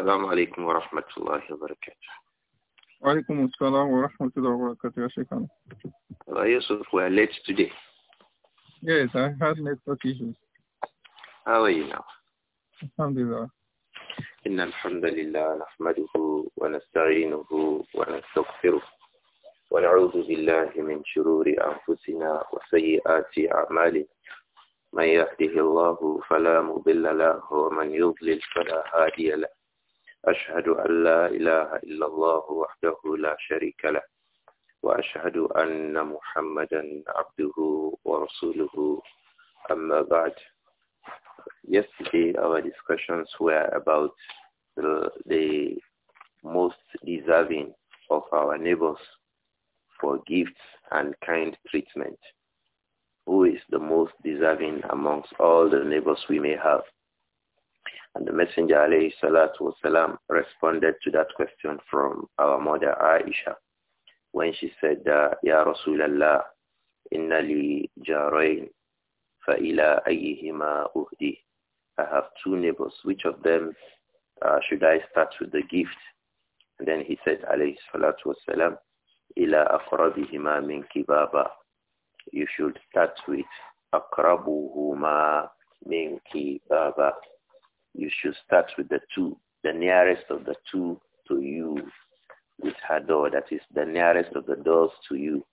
السلام عليكم ورحمة الله وبركاته وعليكم السلام ورحمة الله وبركاته يا شيخنا الله Yusuf, we are late today. Yes, I had network issues. How are you now? الحمد لله إن الحمد لله نحمده ونستعينه ونستغفره ونعوذ بالله من شرور أنفسنا وسيئات أعمالنا من يهده الله فلا مضل له ومن يضلل فلا هادي له أشهد أن لا إله إلا الله وحده لا شريك له وأشهد أن محمدا عبده ورسوله أما بعد Yesterday our discussions were about the, the most deserving of our neighbors for gifts and kind treatment. Who is the most deserving amongst all the neighbors we may have? And the Messenger alayhi salatu wasalam responded to that question from our mother Aisha when she said, uh, Ya Rasulallah, inna li jarayn, fa ila ayyihima uhdi. I have two neighbors. Which of them uh, should I start with the gift? And then he said, alayhi salatu wasalam, ila aqrabihima min kibaba. You should start with aqrabuhuma min kibaba you should start with the two, the nearest of the two to you with her door. That is the nearest of the doors to you.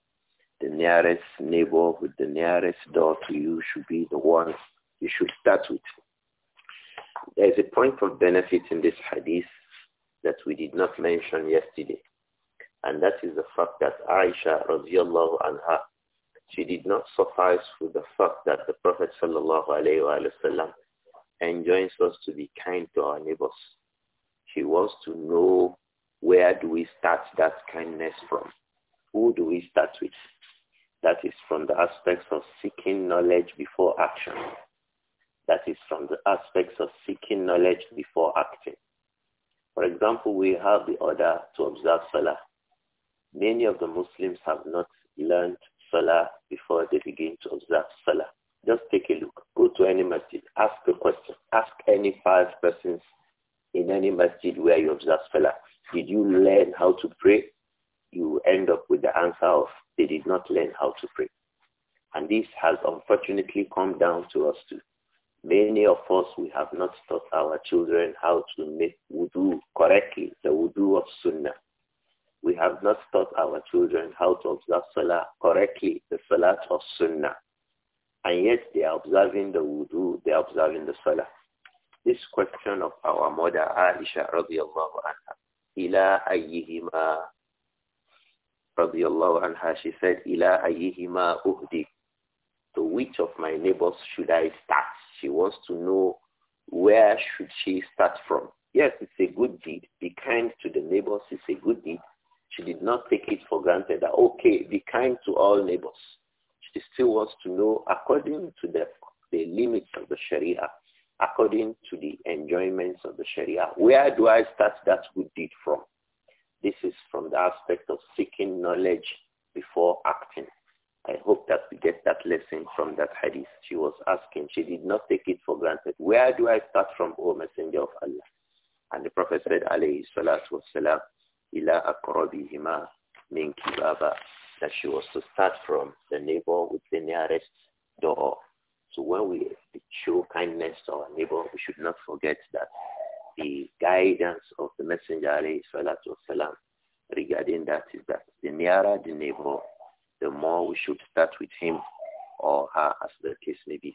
The nearest neighbor with the nearest door to you should be the one you should start with. There is a point of benefit in this hadith that we did not mention yesterday. And that is the fact that Aisha radiallahu anha, she did not suffice with the fact that the Prophet sallallahu alayhi wa sallam enjoins us to be kind to our neighbors. She wants to know where do we start that kindness from? Who do we start with? That is from the aspects of seeking knowledge before action. That is from the aspects of seeking knowledge before acting. For example, we have the order to observe Salah. Many of the Muslims have not learned Salah before they begin to observe Salah. Just take a look. Go to any masjid. Ask a question. Ask any five persons in any masjid where you observe salah. Did you learn how to pray? You end up with the answer of they did not learn how to pray. And this has unfortunately come down to us too. Many of us, we have not taught our children how to make wudu correctly, the wudu of sunnah. We have not taught our children how to observe salah correctly, the salah of sunnah and yet they are observing the wudu, they are observing the salah. This question of our mother Aisha radiallahu anha, ila ayyihima radiallahu anha, she said, ila ayyihima uhdi. To which of my neighbors should I start? She wants to know where should she start from? Yes, it's a good deed. Be kind to the neighbors. It's a good deed. She did not take it for granted that, okay, be kind to all neighbors he still wants to know according to the, the limits of the Sharia, according to the enjoyments of the Sharia, where do I start that good deed from? This is from the aspect of seeking knowledge before acting. I hope that we get that lesson from that hadith. She was asking, she did not take it for granted. Where do I start from, O Messenger of Allah? And the Prophet said, alayhi salatu wasalam, ila akrabihima min kibaba that she was to start from the neighbor with the nearest door. So when we show kindness to our neighbor, we should not forget that the guidance of the Messenger والسلام, regarding that is that the nearer the neighbor, the more we should start with him or her as the case may be.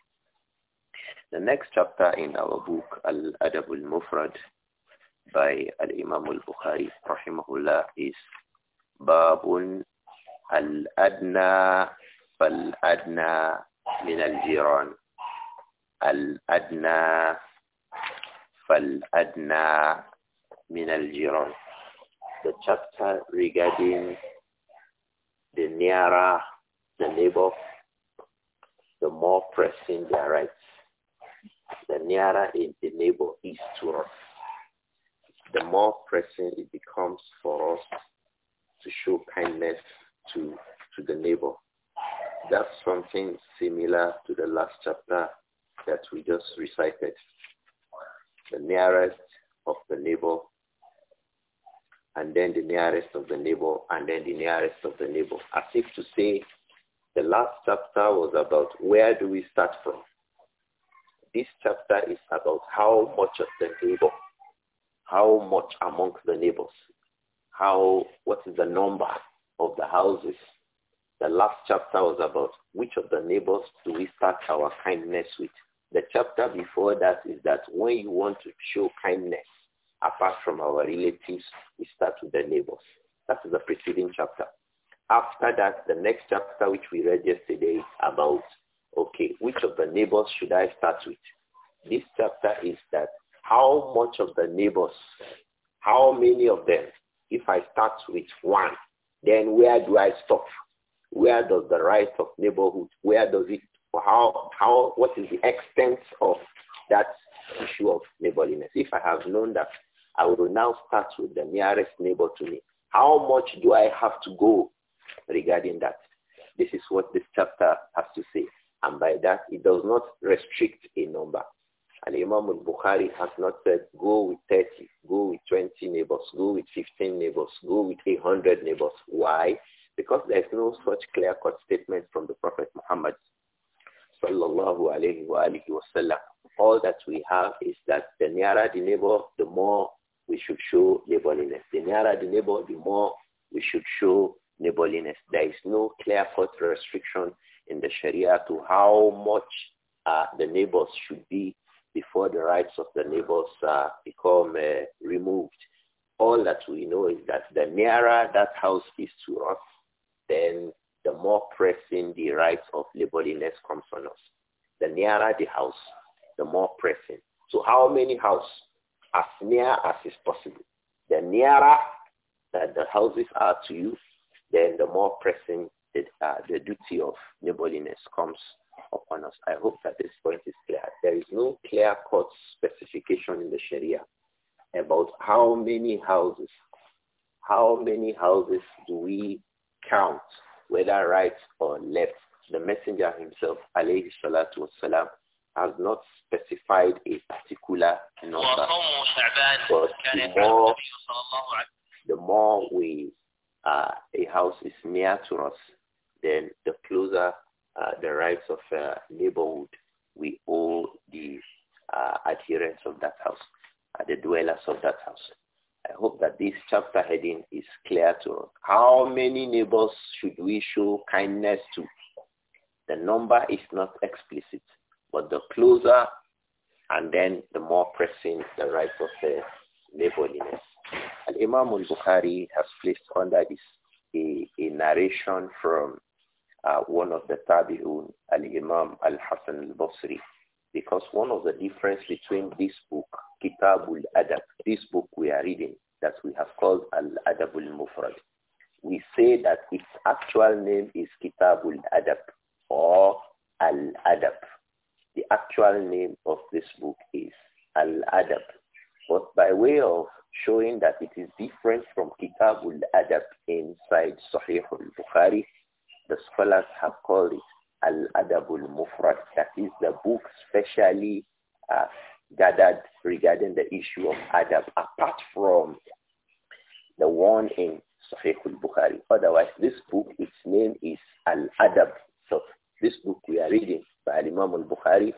The next chapter in our book, Al-Adab al-Mufrad, by Al-Imam al-Bukhari, rahimahullah, is Babun Al-adna fal-adna min al-jiran. al The chapter regarding the nearer the neighbor, the more pressing their rights. The nearer the neighbor is to us, the more pressing it becomes for us to show kindness to, to the neighbor. That's something similar to the last chapter that we just recited. The nearest of the neighbor, and then the nearest of the neighbor, and then the nearest of the neighbor. As if to say, the last chapter was about where do we start from? This chapter is about how much of the neighbor, how much amongst the neighbors, how, what is the number of the houses. The last chapter was about which of the neighbors do we start our kindness with. The chapter before that is that when you want to show kindness, apart from our relatives, we start with the neighbors. That is the preceding chapter. After that, the next chapter which we read yesterday is about, okay, which of the neighbors should I start with? This chapter is that how much of the neighbors, how many of them, if I start with one, then where do I stop? Where does the right of neighborhood, where does it, how, how, what is the extent of that issue of neighborliness? If I have known that, I will now start with the nearest neighbor to me. How much do I have to go regarding that? This is what this chapter has to say. And by that, it does not restrict a number. And Imam al-Bukhari has not said, go with 30, go with 20 neighbors, go with 15 neighbors, go with 800 neighbors. Why? Because there's no such clear-cut statement from the Prophet Muhammad sallallahu alayhi wa wasallam. All that we have is that the nearer the neighbor, the more we should show neighborliness. The nearer the neighbor, the more we should show neighborliness. There is no clear-cut restriction in the Sharia to how much uh, the neighbors should be before the rights of the neighbors uh, become uh, removed. All that we know is that the nearer that house is to us, then the more pressing the rights of neighbourliness comes on us. The nearer the house, the more pressing. So how many house? As near as is possible. The nearer that the houses are to you, then the more pressing the, uh, the duty of neighborliness comes upon us. I hope that this point is clear. There is no clear-cut specification in the Sharia about how many houses, how many houses do we count, whether right or left. The messenger himself, alayhi salatu wasalam, has not specified a particular number. But the more, the more we, uh, a house is near to us, then the closer uh, the rights of uh, neighborhood, we owe the uh, adherents of that house, uh, the dwellers of that house. I hope that this chapter heading is clear to us. How many neighbors should we show kindness to? The number is not explicit, but the closer and then the more pressing the right of the neighborliness. And Imam al-Bukhari has placed under this a, a narration from uh, one of the Tabi'un, Al-Imam Al-Hassan Al-Basri. Because one of the difference between this book, Kitabul Adab, this book we are reading, that we have called Al-Adabul Mufrad, we say that its actual name is Kitabul Adab or Al-Adab. The actual name of this book is Al-Adab. But by way of showing that it is different from Kitabul Adab inside Sahih al-Bukhari, the scholars have called it Al-Adabul Mufrad, that is the book specially uh, gathered regarding the issue of adab, apart from the one in Sahih al-Bukhari. Otherwise, this book, its name is Al-Adab. So this book we are reading by Imam al-Bukhari,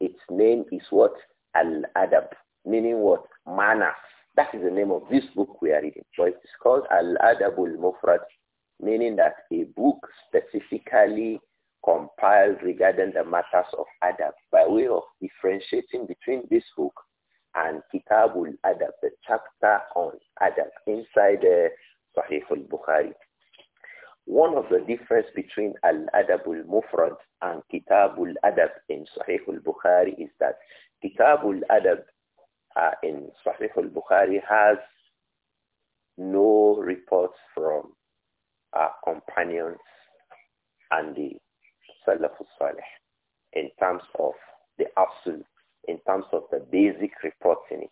its name is what? Al-Adab, meaning what? Manners. That is the name of this book we are reading. So it is called Al-Adab al-Mufrad meaning that a book specifically compiled regarding the matters of adab by way of differentiating between this book and Kitabul Adab, the chapter on adab inside the uh, Sahih al-Bukhari. One of the difference between Al-Adabul Mufrad and Kitabul Adab in Sahih al-Bukhari is that Kitabul Adab uh, in Sahih al-Bukhari has no reports from companions and the Salafus Salih in terms of the absolute, in terms of the basic reports in it.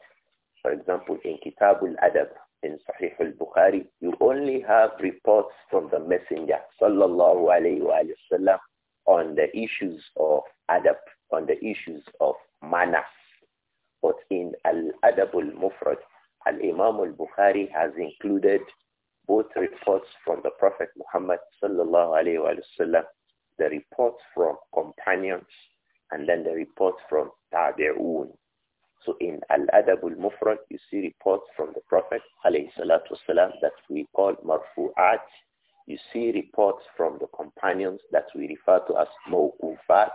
For example, in Kitabul adab in Sahih al-Bukhari, you only have reports from the Messenger, sallallahu alayhi wa sallam, on the issues of adab, on the issues of manners. But in Al-Adab al-Mufrad, Al-Imam al-Bukhari has included both reports from the Prophet Muhammad sallallahu alayhi wa sallam, the reports from companions, and then the reports from tabi'un. So in Al-Adab al-Mufrad, you see reports from the Prophet alayhi salatu wasalam, that we call marfu'at. You see reports from the companions that we refer to as mawkufat.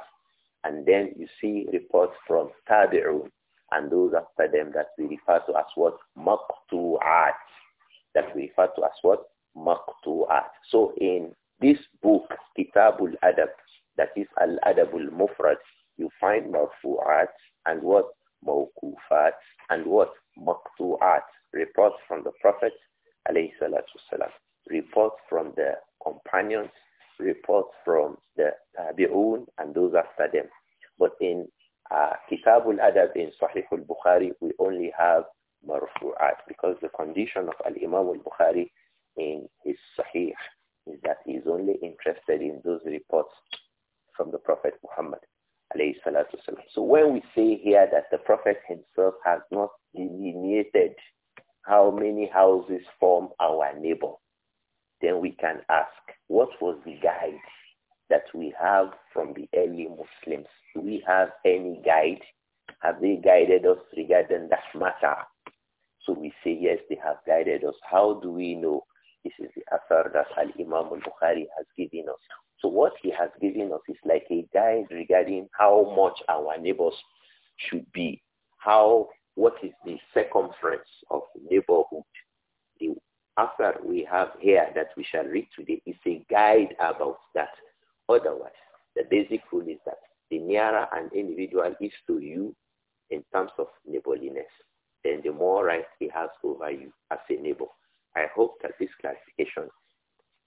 And then you see reports from tabi'un. And those after them that we refer to as what? Maqtu'at that we refer to as what? Maqtu'at. So in this book, Kitabul Adab, that is Al-Adabul Mufrad, you find marfu'at and what? Mawkufat and what? Maqtu'at. Reports from the Prophet, alayhi salatu Reports from the companions, reports from the Tabi'un and those after them. But in uh, Kitabul Adab in Sahih al-Bukhari, we only have marfu'at because the condition of Al-Imam al-Bukhari in his Sahih is that he is only interested in those reports from the Prophet Muhammad. So when we say here that the Prophet himself has not delineated how many houses form our neighbor, then we can ask, what was the guide that we have from the early Muslims? Do we have any guide? Have they guided us regarding that matter? So we say, yes, they have guided us. How do we know? This is the answer that Al-Imam al-Bukhari has given us. So what he has given us is like a guide regarding how much our neighbors should be. How, what is the circumference of neighborhood? The answer we have here that we shall read today is a guide about that. Otherwise, the basic rule is that the nearer an individual is to you in terms of neighborliness, then the more right he has over you as a neighbor. I hope that this clarification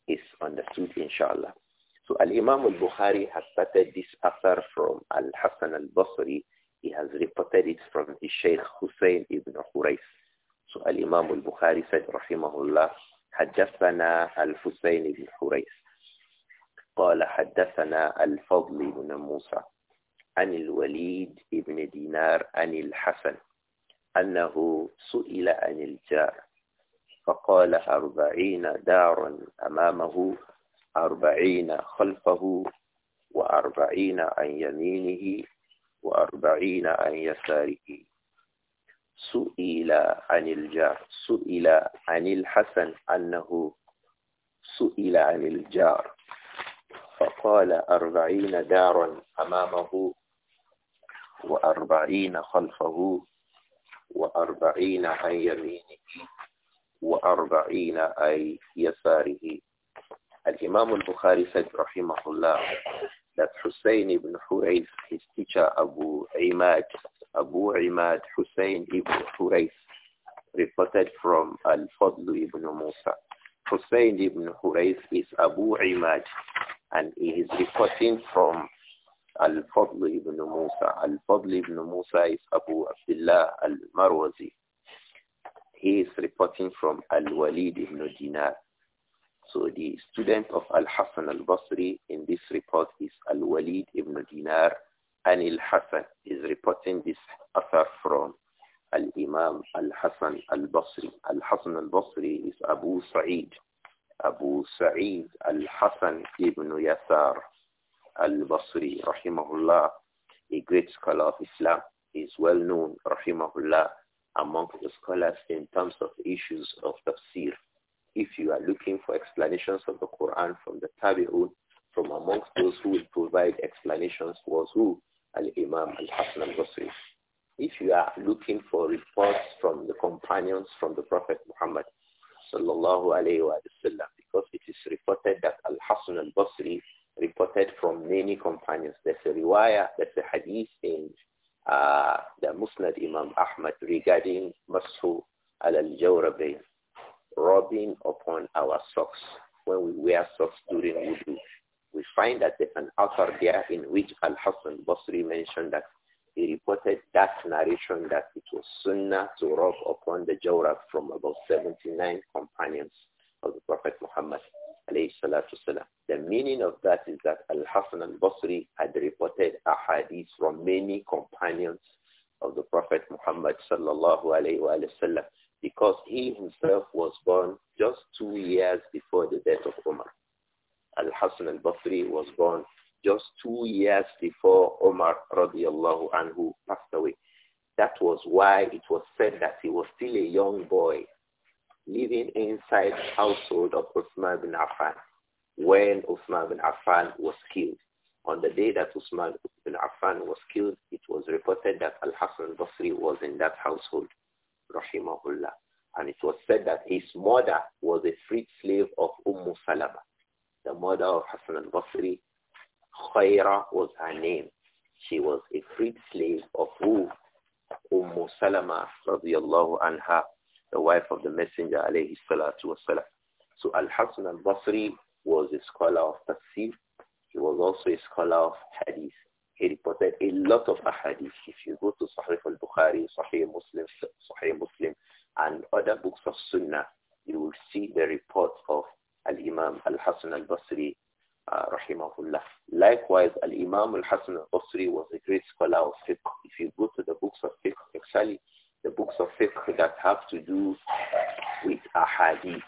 is understood, inshallah. So Al-Imam al-Bukhari has started this affair from Al-Hassan al-Basri. He has reported it from his Shaykh Hussein ibn Hurais. So Al-Imam al-Bukhari said, Rahimahullah, حدثنا الحسين بن حريث قال حدثنا الفضل بن موسى عن الوليد بن دينار عن الحسن أنه سئل عن الجار فقال أربعين دارا أمامه أربعين خلفه وأربعين عن يمينه وأربعين عن يساره سئل عن الجار سئل عن الحسن أنه سئل عن الجار فقال أربعين دارا أمامه وأربعين خلفه وأربعين عن يمينه وأربعين أي يساره الإمام البخاري سيد رحمه الله. that Hussein ibn Hurayth, is teacher Abu Imad, Abu Imad Hussein ibn Hurayth, reported from Al-Fadl ibn Musa. Hussein ibn Hurayth is Abu Imad, and he is reporting from Al-Fadl ibn Musa. Al-Fadl ibn Musa is Abu Abdullah al-Marwazi. He is reporting from Al-Walid ibn Dinar. So the student of Al-Hassan al-Basri in this report is Al-Walid ibn Dinar and Al-Hassan is reporting this author from Al-Imam Al-Hassan al-Basri. Al-Hassan al-Basri is Abu Sa'id. Abu Sa'id al-Hassan ibn Yasar al-Basri, rahimahullah, a great scholar of Islam, is well known, rahimahullah, among the scholars in terms of issues of tafsir. If you are looking for explanations of the Quran from the Tabi'un, from amongst those who will provide explanations was who? Al-Imam al-Hasan al-Basri. If you are looking for reports from the companions from the Prophet Muhammad, sallallahu alayhi wa sallam, because it is reported that al-Hasan al-Basri reported from many companions. There's a riwayah, there's a hadith in uh, the Musnad Imam Ahmad regarding Mashu al-Jawrabayn, rubbing upon our socks when we wear socks during wudu. We find that there's an author there in which Al-Hassan Basri mentioned that he reported that narration that it was sunnah to rub upon the jawrab from about 79 companions of the Prophet Muhammad the meaning of that is that Al-Hasan al-Basri had reported hadith from many companions of the Prophet Muhammad sallallahu alayhi wa sallam because he himself was born just two years before the death of Umar. Al-Hasan al-Basri was born just two years before Umar radiallahu anhu passed away. That was why it was said that he was still a young boy living inside the household of Uthman bin Affan when Uthman bin Affan was killed. On the day that Uthman bin Affan was killed, it was reported that Al-Hassan basri was in that household, rahimahullah. And it was said that his mother was a freed slave of Umm Salama. The mother of Hassan al-Basri, Khaira was her name. She was a freed slave of who? Umm Salama, radiallahu anha, the wife of the messenger alayhi salatu wasalam. So Al-Hasan al-Basri was a scholar of tafsir. He was also a scholar of hadith. He reported a lot of Ahadith. If you go to Sahih al-Bukhari, Sahih Muslim, Sahih Muslim, and other books of Sunnah, you will see the reports of Al-Imam al-Hasan al-Basri, uh, rahimahullah. Likewise, Al-Imam al-Hasan al-Basri was a great scholar of fiqh. If you go to the books of fiqh, actually, the books of fiqh that have to do with ahadith,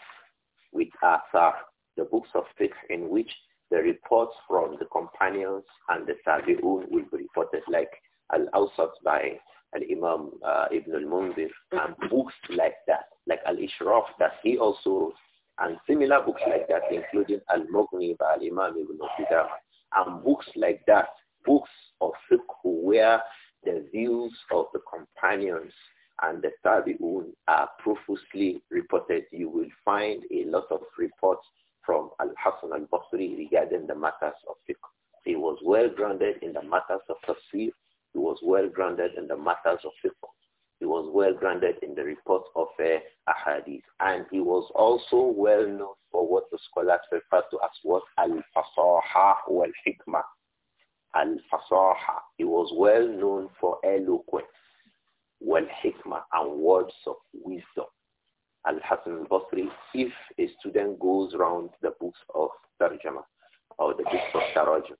with athar, the books of fiqh in which the reports from the companions and the tabi'un will be reported like al-awsat by al-imam uh, ibn al-munzir and mm-hmm. books like that, like al-ishraf that he also wrote and similar books like that, including Al-Mughni by Al-Imam Ibn Qudamah, and books like that, books of fiqh where the views of the companions and the Tabi'un are uh, profusely reported. You will find a lot of reports from Al-Hasan al-Basri regarding the matters of fiqh. He was well grounded in the matters of tafsir. He was well grounded in the matters of fiqh. He was well grounded in the report of uh, ahadith. And he was also well known for what the scholars refer to as what al-fasaha wal-hikmah. Al-fasaha. He was well known for eloquence wal hikmah and words of wisdom. al Hasan al-Basri, if a student goes round the books of Tarjama or the books of Tarajum,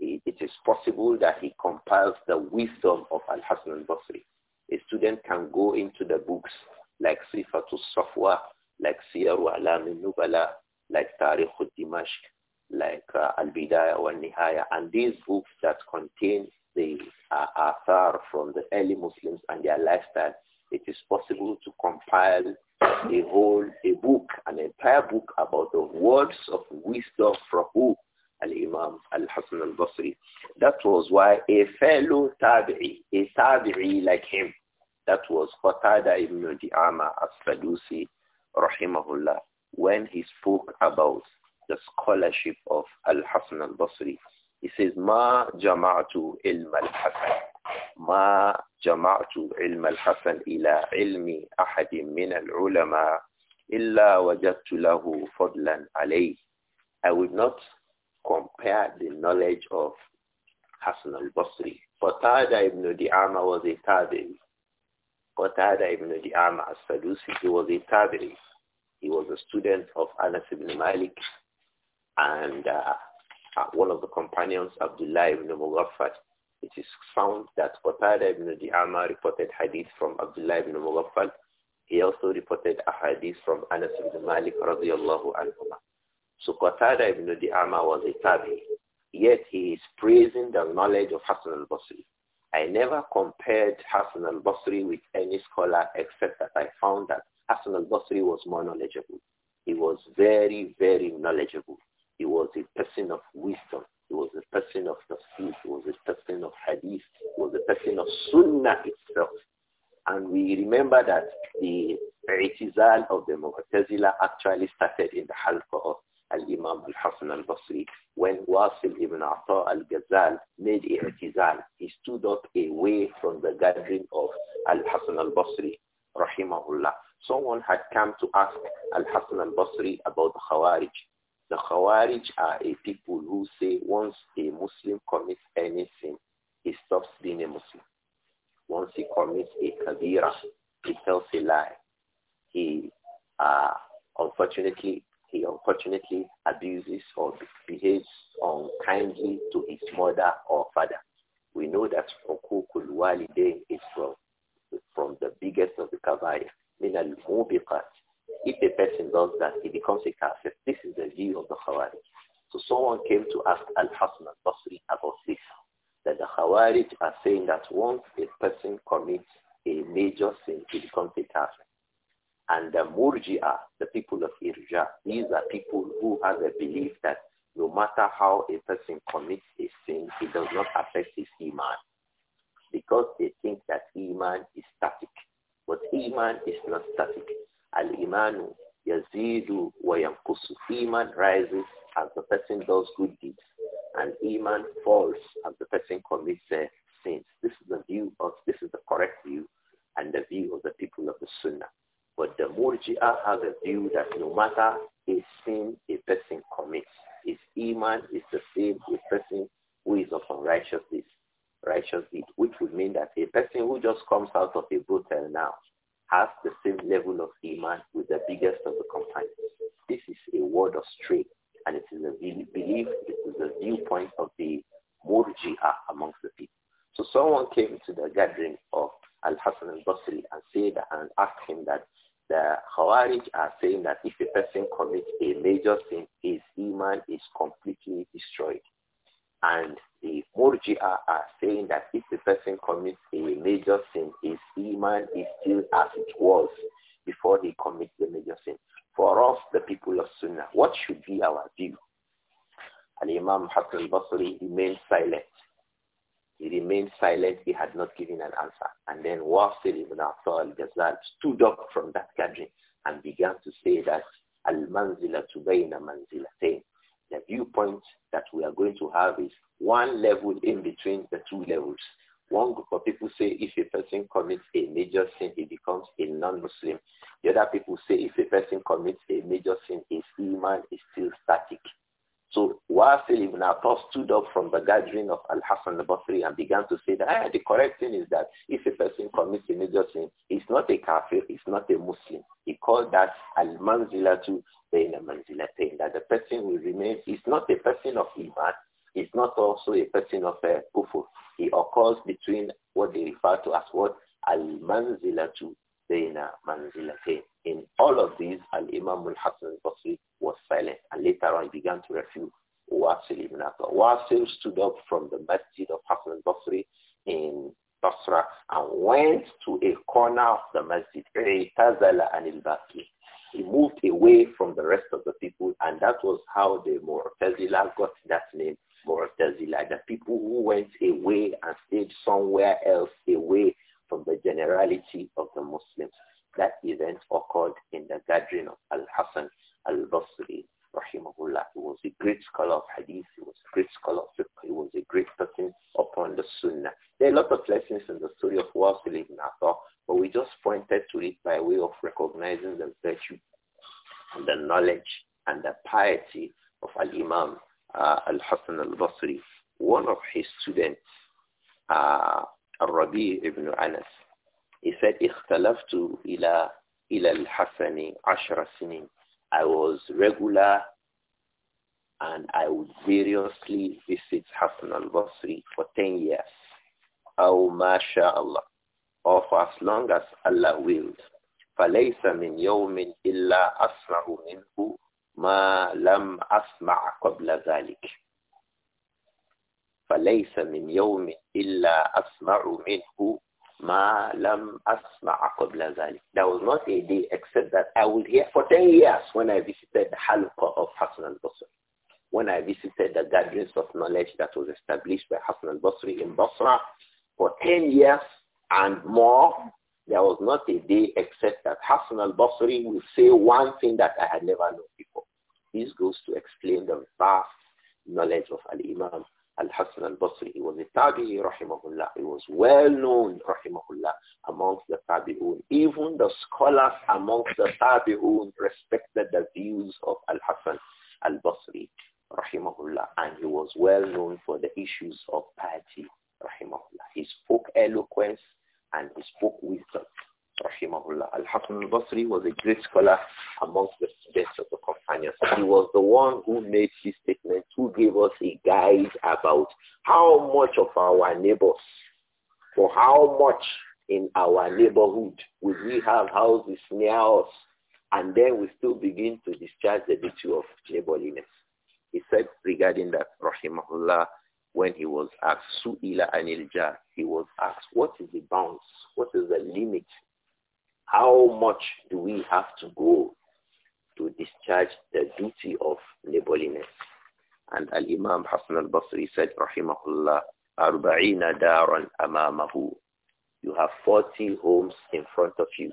it is possible that he compiles the wisdom of al Hasan al-Basri. A student can go into the books like Sifatul Safwa, like Siyaru Alam Nubala, like Tariq al-Dimashq, like uh, Al-Bidayah wa Nihaya, and these books that contain the uh, athar from the early Muslims and their lifestyle, it is possible to compile a whole a book, an entire book about the words of wisdom from who? Al-Imam Al-Hasan Al-Basri. That was why a fellow Tabi'i, a Tabi'i like him, that was Qatada ibn Di'ama as-Sadusi, rahimahullah, when he spoke about the scholarship of Al-Hasan Al-Basri, he says, Ma jama'tu ilm al-Hasan. Ma jama'tu ilm al-Hasan ila ilmi ahadim min al-ulama illa wajadtu lahu fadlan alayh. I would not compare the knowledge of Hassan al-Basri. Qatada ibn Di'ama was a tabi'i. Qatada ibn Di'ama as-Sadusi, he was a tabi'i. He was a student of Anas ibn Malik and uh, one of the companions, Abdullah ibn Mughaffar. It is found that Qatada ibn Di'ama reported hadith from Abdullah ibn Mughaffar. He also reported a hadith from Anas ibn Malik radiallahu anhu. So Qatada ibn Di'ama was a tabi, yet he is praising the knowledge of Hassan al-Basri. I never compared Hassan al-Basri with any scholar except that I found that Hassan al-Basri was more knowledgeable. He was very, very knowledgeable. He was a person of wisdom. He was a person of tafsir. He was a person of hadith. He was a person of sunnah itself. And we remember that the i'tizal of the Mu'tazila actually started in the halqa of Al-Imam Al-Hasan Al-Basri when Wasil ibn Ata Al-Ghazal made i'tizal. He stood up away from the gathering of Al-Hasan Al-Basri, rahimahullah. Someone had come to ask Al-Hasan Al-Basri about the Khawarij. The Khawarij are a people who say once a Muslim commits any sin, he stops being a Muslim. Once he commits a kabira, he tells a lie. He, uh, unfortunately, he unfortunately abuses or behaves unkindly to his mother or father. We know that Ukukul Walidain is from, from the biggest of the kabaya, min al-mubiqat, if a person does that, he becomes a kafir. This is the view of the Khawarij. So someone came to ask Al-Hasan al-Basri about this, that the Khawarij are saying that once a person commits a major sin, he becomes a kafir. And the Murji'ah, the people of Irja, these are people who have a belief that no matter how a person commits a sin, it does not affect his Iman. Because they think that Iman is static. But Iman is not static. Al-imanu yazidu wa yankusu. Iman rises as the person does good deeds, and iman falls as the person commits uh, sins. This is the view of, this is the correct view, and the view of the people of the Sunnah. But the Murji'ah have a view that no matter a sin a person commits, his iman is the same a person who is upon righteousness, righteous deed, which would mean that a person who just comes out of a brothel now has the same level of iman with the biggest of the companions. This is a word of strength, and it is a belief, it is a viewpoint of the murji'ah amongst the people. So someone came to the gathering of Al-Hassan al-Basri and said and asked him that the Khawarij are saying that if a person commits a major sin, his iman is completely destroyed. And the Murji'ah are saying that if the person commits a major sin, his Iman is still as it was before he commits the major sin. For us, the people of Sunnah, what should be our view? And Imam Hassan Basri remained silent. He remained silent. He had not given an answer. And then Wasil ibn Afal al-Ghazal stood up from that gathering and began to say that al-manzilatu bayna manzila viewpoint that we are going to have is one level in between the two levels. One group of people say if a person commits a major sin, he becomes a non-Muslim. The other people say if a person commits a major sin, his iman is still static. So Wasil ibn Atas stood up from the gathering of Al-Hassan al-Basri and began to say that ah, the correct thing is that if a person commits a major sin, it's not a kafir, it's not a Muslim. He called that al-manzilatu bayna manzilatain, that the person will remain, it's not a person of iman, it's not also a person of a eh, kufur. He occurs between what they refer to as what al-manzilatu bayna manzilatain. In all of these, Al-Imam al-Hassan al-Basri was silent. And later on, he began to refute Wasil ibn Wasil stood up from the masjid of Hassan al-Basri in Basra and went to a corner of the masjid, Itazala anil Baqi. He moved away from the rest of the people, and that was how the Mu'tazila got that name, Mu'tazila, the people who went away and stayed somewhere else away from the generality of the Muslims. That event occurred in the gathering of Al-Hassan al-Basri, rahimahullah. He was a great scholar of hadith. He was a great scholar of fiqh. He was a great person upon the sunnah. There are a lot of lessons in the story of Wasil ibn Atta, but we just pointed to it by way of recognizing the virtue and the knowledge and the piety of al-Imam uh, al-Hassan al-Basri. One of his students, uh, Rabi ibn Anas, he said, اختلفت إلى إلى الحسن عشر سنين I was regular and I would seriously visit Hassan al-Basri for 10 years. Oh, masha'Allah. Or for as long as Allah willed. فَلَيْسَ مِنْ يَوْمٍ إِلَّا أَسْمَعُ مِنْهُ مَا لَمْ أَسْمَعْ قَبْلَ ذَلِكَ فَلَيْسَ مِنْ يَوْمٍ إِلَّا أَسْمَعُ مِنْهُ Ma lam asma'a qabla zalik. There was not a day except that I would hear for 10 years when I visited the halqa of Hassan al-Basri. When I visited the gatherings of knowledge that was established by Hassan al-Basri in Basra for 10 years and more, there was not a day except that Hassan al-Basri would say one thing that I had never known before. This goes to explain the vast knowledge of Al-Imam al hassan al-Basri. He was a rahimahullah. He was well known, rahimahullah, amongst the Tabi'un. Even the scholars amongst the Tabi'un respected the views of al hassan al-Basri, rahimahullah. And he was well known for the issues of piety, rahimahullah. He spoke eloquence and he spoke wisdom rahimahullah. al hakim al-Basri was a great scholar amongst the best of the companions. He was the one who made this statement, who gave us a guide about how much of our neighbors, for how much in our neighborhood would we have houses near us, and then we still begin to discharge the duty of neighborliness. He said regarding that, rahimahullah, when he was asked, Su'ila anilja, he was asked, what is the bounds? What is the limit how much do we have to go to discharge the duty of neighborliness? And Al-Imam Hassan al-Basri said, Rahimahullah, You have 40 homes in front of you.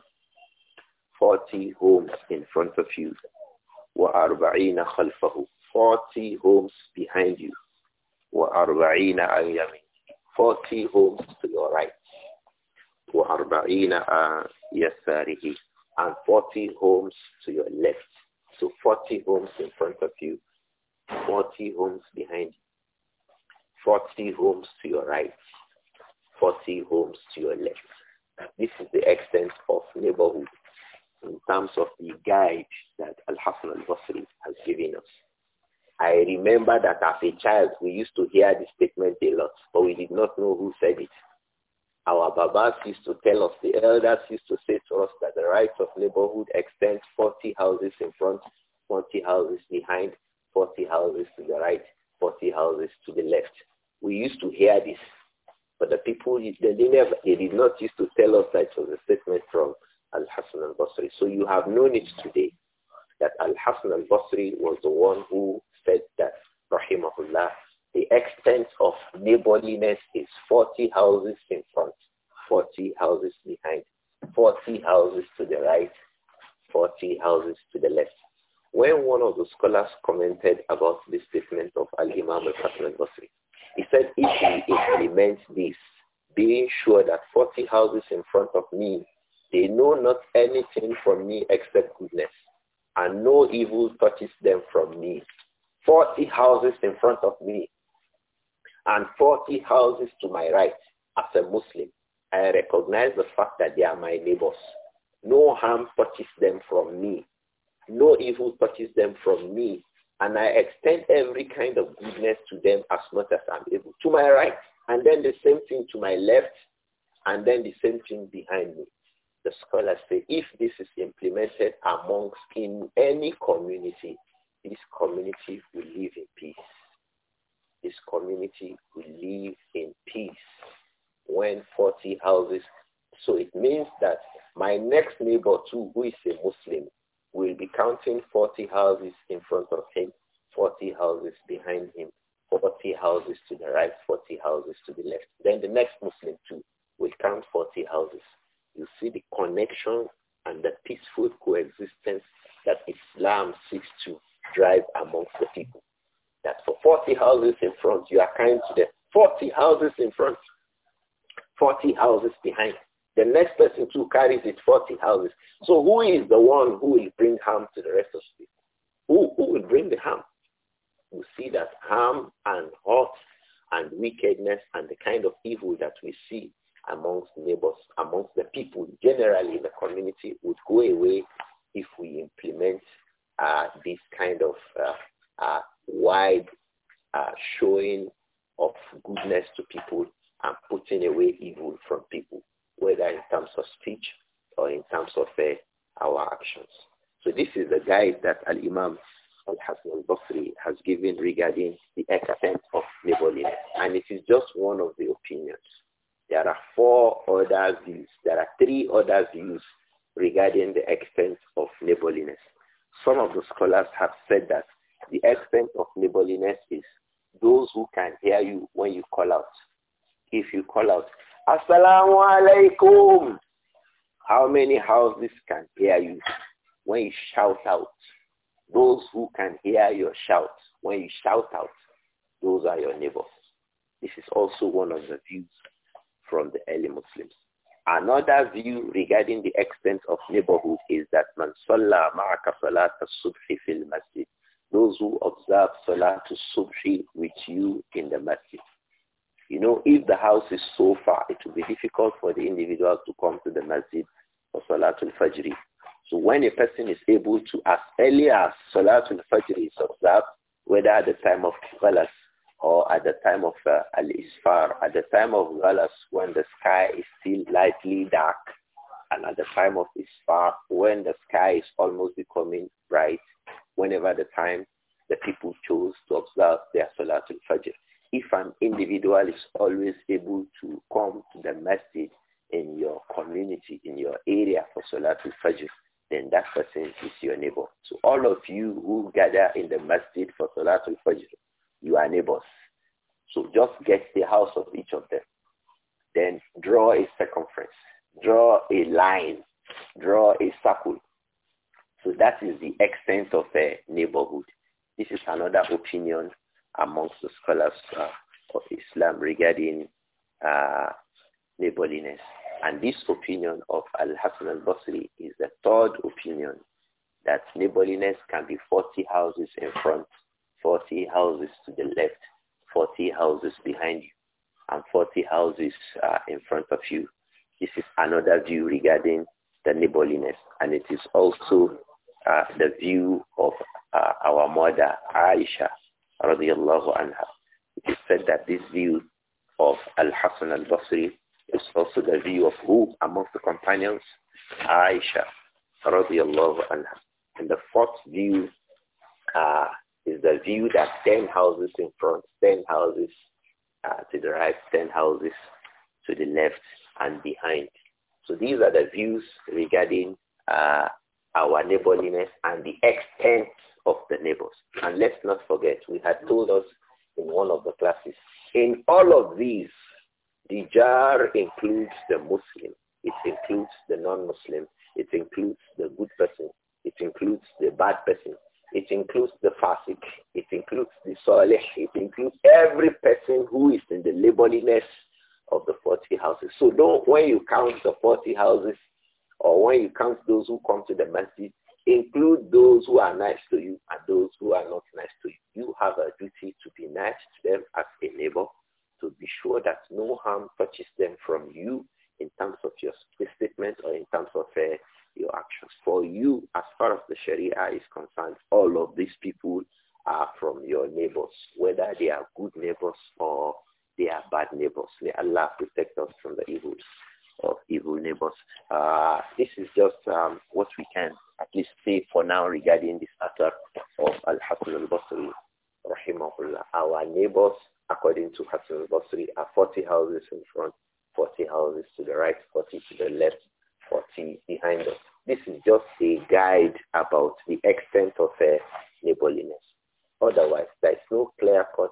40 homes in front of you. Wa arba'ina 40 homes behind you. Wa arba'ina an 40 homes to your right. وَأَرْبَعِينَ uh, يَسَّارِهِ And 40 homes to your left. So 40 homes in front of you, 40 homes behind you, 40 homes to your right, 40 homes to your left. This is the extent of neighborhood in terms of the guide that Al-Hassan al-Basri has given us. I remember that as a child, we used to hear the statement a lot, but we did not know who said it. Our babas used to tell us, the elders used to say to us that the rights of neighborhood extends 40 houses in front, 40 houses behind, 40 houses to the right, 40 houses to the left. We used to hear this, but the people, they, never, they did not used to tell us that it was a statement from Al-Hassan al-Basri. So you have known it today that Al-Hassan al-Basri was the one who said that, rahimahullah, the extent of neighborliness is 40 houses in front, 40 houses behind, 40 houses to the right, 40 houses to the left. When one of the scholars commented about this statement of Al-Imam al-Hasan al-Basri, he said, if we implement this, being sure that 40 houses in front of me, they know not anything from me except goodness, and no evil touches them from me. 40 houses in front of me, and 40 houses to my right as a Muslim. I recognize the fact that they are my neighbors. No harm touches them from me. No evil touches them from me. And I extend every kind of goodness to them as much as I'm able. To my right, and then the same thing to my left, and then the same thing behind me. The scholars say if this is implemented amongst in any community, this community will live in peace this community will live in peace when 40 houses. So it means that my next neighbor too, who is a Muslim, will be counting 40 houses in front of him, 40 houses behind him, 40 houses to the right, 40 houses to the left. Then the next Muslim too will count 40 houses. You see the connection and the peaceful coexistence that Islam seeks to drive amongst the people. That for 40 houses in front, you are kind to them. 40 houses in front, 40 houses behind. The next person too carries it 40 houses. So who is the one who will bring harm to the rest of the people? Who, who will bring the harm? We see that harm and hurt and wickedness and the kind of evil that we see amongst neighbors, amongst the people generally in the community would go away if we implement uh, this kind of uh, uh, wide uh, showing of goodness to people and putting away evil from people, whether in terms of speech or in terms of uh, our actions. So this is the guide that Al-Imam Al-Hassan al-Basri has given regarding the extent of neighborliness. And it is just one of the opinions. There are four other views. There are three other views regarding the extent of neighborliness. Some of the scholars have said that the extent of neighborliness is those who can hear you when you call out. If you call out, Assalamu alaikum, how many houses can hear you when you shout out? Those who can hear your shout, when you shout out, those are your neighbors. This is also one of the views from the early Muslims. Another view regarding the extent of neighborhood is that man salla ma'aka salat al-subhi fil masjid those who observe Salatul Subhi with you in the masjid. You know, if the house is so far, it will be difficult for the individual to come to the masjid for Salatul Fajr. So when a person is able to, as early as Salatul Fajr is observed, whether at the time of Ghalas or at the time of uh, Al-Isfar, at the time of Ghalas when the sky is still lightly dark, and at the time of Isfar when the sky is almost becoming bright, whenever the time the people chose to observe their Salatul Fajr. If an individual is always able to come to the masjid in your community, in your area for Salatul Fajr, then that person is your neighbor. So all of you who gather in the masjid for Salatul Fajr, you are neighbors. So just get the house of each of them. Then draw a circumference. Draw a line. Draw a circle so that is the extent of a neighborhood. This is another opinion amongst the scholars uh, of Islam regarding uh, neighborliness. And this opinion of Al-Hassan al-Basri is the third opinion that neighborliness can be 40 houses in front, 40 houses to the left, 40 houses behind you, and 40 houses uh, in front of you. This is another view regarding the neighborliness, and it is also uh, the view of uh, our mother Aisha radiallahu anha. It is said that this view of Al-Hasan al-Basri is also the view of who amongst the companions? Aisha radiallahu anha. And the fourth view uh, is the view that 10 houses in front, 10 houses uh, to the right, 10 houses to the left and behind. So these are the views regarding uh, our neighborliness and the extent of the neighbors. And let's not forget, we had told us in one of the classes, in all of these, the jar includes the Muslim. It includes the non-Muslim. It includes the good person. It includes the bad person. It includes the fasik. It includes the soleh. It includes every person who is in the neighborliness of the 40 houses. So don't, when you count the 40 houses, or when you count those who come to the masjid, include those who are nice to you and those who are not nice to you. You have a duty to be nice to them as a neighbor to be sure that no harm touches them from you in terms of your statement or in terms of uh, your actions. For you, as far as the Sharia is concerned, all of these people are from your neighbors, whether they are good neighbors or they are bad neighbors. May Allah protect us from the evils of evil neighbors. Uh, this is just um, what we can at least say for now regarding this matter of Al-Hasan al-Basri, rahimahullah. Our neighbors, according to Hassan al-Basri, are 40 houses in front, 40 houses to the right, 40 to the left, 40 behind us. This is just a guide about the extent of uh, neighborliness. Otherwise, there is no clear-cut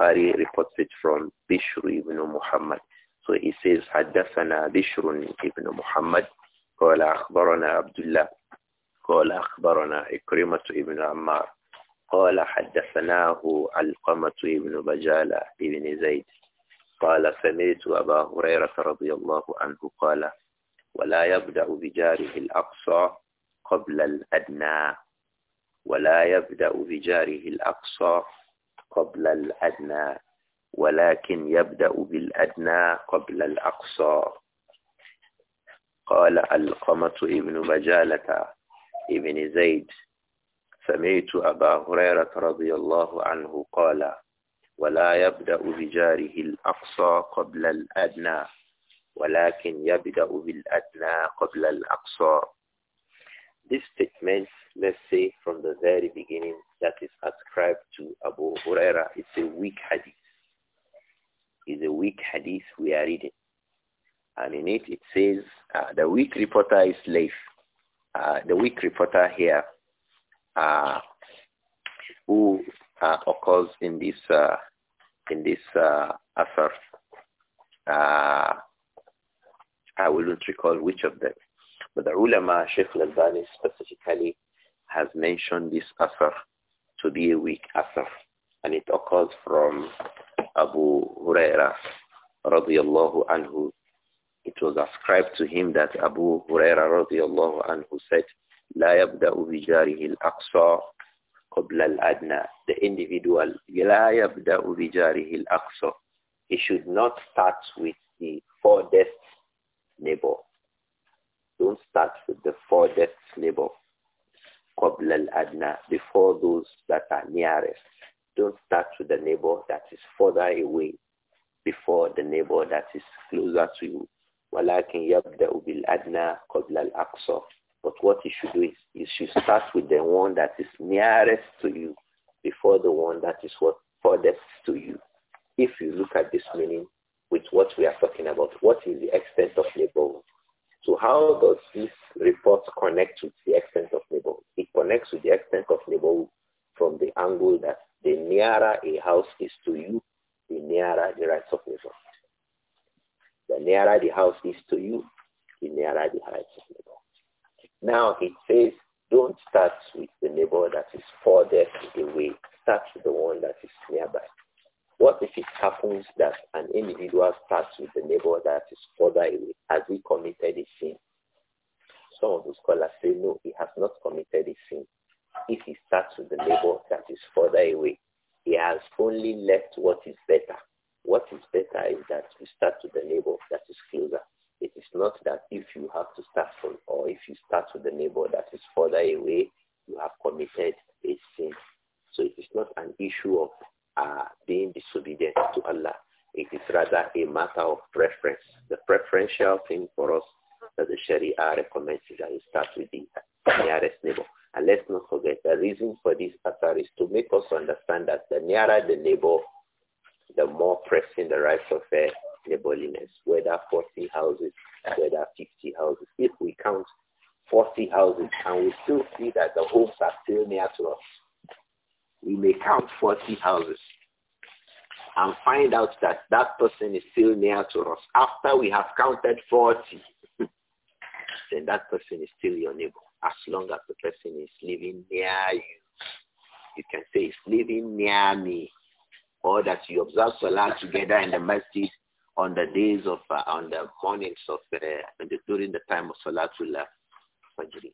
Bukhari reports it from Bishr ibn Muhammad. So he says, حدثنا بشر ibn Muhammad قال أخبرنا عبد الله قال أخبرنا إكرمة ابن عمار قال حدثناه علقمة ابن بجالة ابن زيد قال سمعت أبا هريرة رضي الله عنه قال ولا يبدأ بجاره الأقصى قبل الأدنى ولا يبدأ بجاره الأقصى قبل الأدنى ولكن يبدأ بالأدنى قبل الأقصى قال القمة ابن مجالة ابن زيد سمعت أبا هريرة رضي الله عنه قال ولا يبدأ بجاره الأقصى قبل الأدنى ولكن يبدأ بالأدنى قبل الأقصى This statement, let's say from the very beginning, that is ascribed to Abu Huraira, it's a weak hadith. It's a weak hadith we are reading. And in it, it says, uh, the weak reporter is Leif. Uh, the weak reporter here, uh, who uh, occurs in this, uh, in this uh, uh I will not recall which of them. But the ulama, Sheikh Al-Albani specifically, has mentioned this asr to be a weak asr. And it occurs from Abu Huraira, radiallahu anhu. It was ascribed to him that Abu Huraira, radiallahu anhu, said, لا يبدأ بجاره الأقصى قبل الأدنى. The individual, لا يبدأ بجاره الأقصى. He should not start with the furthest neighbor don't start with the four deaths neighbor. Qabla al-adna, before those that are nearest. Don't start with the neighbor that is further away before the neighbor that is closer to you. وَلَكِنْ adna بِالْأَدْنَى al الْأَقْصَى But what you should do is you should start with the one that is nearest to you before the one that is what furthest to you. If you look at this meaning with what we are talking about, what is the extent of neighborhood? So how does this report connect with the extent of neighborhood? It connects with the extent of neighborhood from the angle that the nearer a house is to you, the nearer the rights of neighborhood. The nearer the house is to you, the nearer the rights of neighborhood. Now it says, don't start with the neighbor that is further away. Start with the one that is nearby. What if it happens that an individual starts with a neighbor that is further away? Has he committed a sin? Some of the scholars say no, he has not committed a sin. If he starts with the neighbor that is further away, he has only left what is better. What is better is that you start with the neighbor that is closer. It is not that if you have to start from or if you start with the neighbor that is further away, you have committed a sin. So it is not an issue of are being disobedient to Allah. It is rather a matter of preference. The preferential thing for us that the Sharia recommends is that we start with the nearest neighbor. And let's not forget the reason for this asar is to make us understand that the nearer the neighbor, the more pressing the right of a uh, neighborliness, whether 40 houses, whether 50 houses. If we count 40 houses and we still see that the homes are still near to us, we may count 40 houses and find out that that person is still near to us. After we have counted 40, then that person is still your neighbor. As long as the person is living near you, you can say it's living near me or that you observe Salah together in the masjid on the days of, uh, on the mornings of, uh, during the time of Salatul Fajr.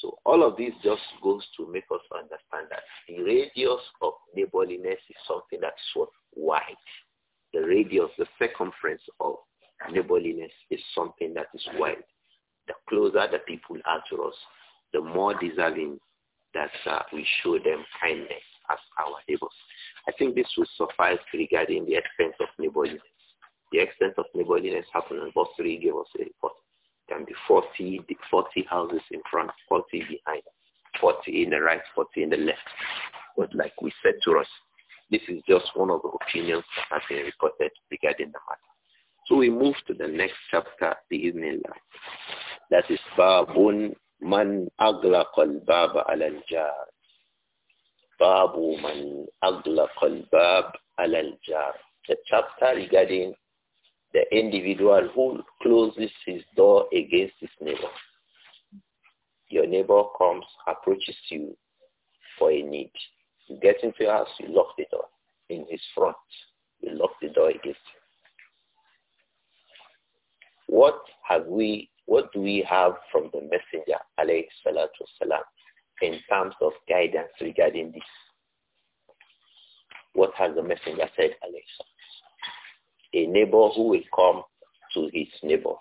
So all of this just goes to make us understand that the radius of neighborliness is something that's so wide. The radius, the circumference of neighborliness is something that is wide. The closer the people are to us, the more deserving that uh, we show them kindness as our neighbors. I think this will suffice regarding the extent of neighborliness. The extent of neighborliness happened in Three gave us a report can be 40, 40 houses in front, 40 behind, 40 in the right, 40 in the left. But like we said to us, this is just one of the opinions that have been reported regarding the matter. So we move to the next chapter, the evening light. That is Babun Man Aglaqa al-Bab al Babu Man Aglaqa al-Bab al The chapter regarding the individual who closes his door against his neighbor. Your neighbor comes, approaches you for a need. You get into your house, you lock the door. In his front, you lock the door against him. What have we, what do we have from the messenger, alayhi salatu salam, in terms of guidance regarding this? What has the messenger said, alayhi a neighbor who will come to his neighbor.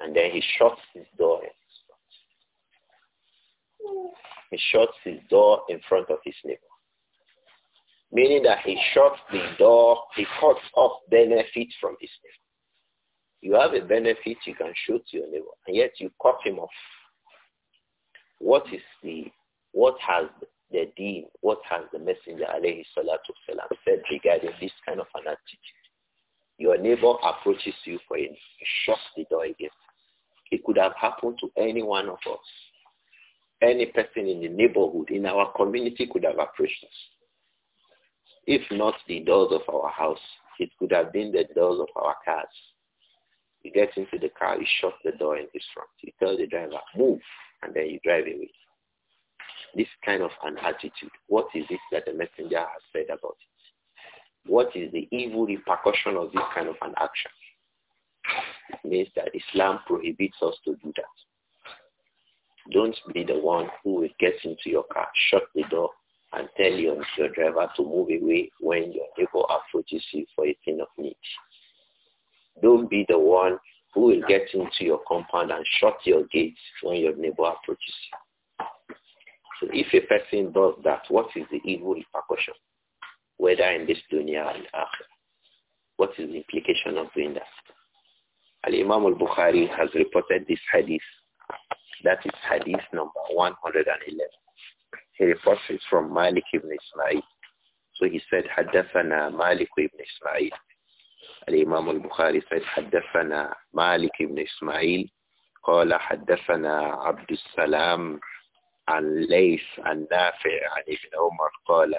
And then he shuts his door. He shuts his door in front of his neighbor. Meaning that he shuts the door, he cuts off benefit from his neighbor. You have a benefit, you can shoot your neighbor, and yet you cut him off. What is the, what has the dean, what has the messenger, alayhi salatu salam, said regarding this kind of an attitude? Your neighbor approaches you for it, shuts the door again. It could have happened to any one of us. Any person in the neighborhood, in our community could have approached us. If not the doors of our house, it could have been the doors of our cars. You get into the car, you shut the door in his front. You tell the driver, move, and then you drive away. This kind of an attitude, what is it that the messenger has said about it? what is the evil repercussion of this kind of an action. It means that Islam prohibits us to do that. Don't be the one who will get into your car, shut the door, and tell your, your driver to move away when your neighbor approaches you for a thing of need. Don't be the one who will get into your compound and shut your gates when your neighbor approaches you. So if a person does that, what is the evil repercussion? whether in this dunya or in akhirah. What is the implication of doing that? Al-Imam al-Bukhari has reported this hadith. That is hadith number 111. He reports it from Malik ibn Ismail. So he said, حدثنا Malik ibn Ismail. الإمام البخاري said حدثنا مالك بن إسماعيل قال حدثنا عبد السلام عن ليث عن نافع عن ابن عمر قال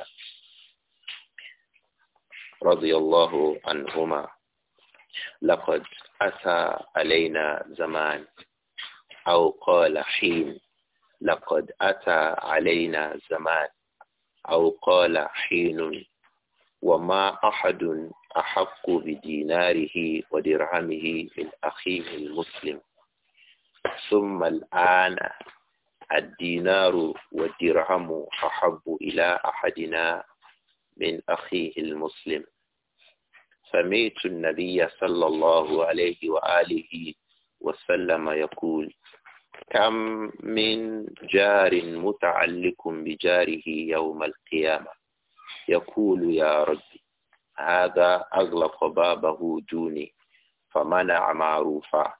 رضي الله عنهما لقد أتى علينا زمان أو قال حين لقد أتى علينا زمان أو قال حين وما أحد أحق بديناره ودرهمه من أخيه المسلم ثم الآن الدينار والدرهم أحب إلى أحدنا من أخيه المسلم سميت النبي صلى الله عليه وآله وسلم يقول كم من جار متعلق بجاره يوم القيامة يقول يا ربي هذا أغلق بابه دوني فمنع معروفا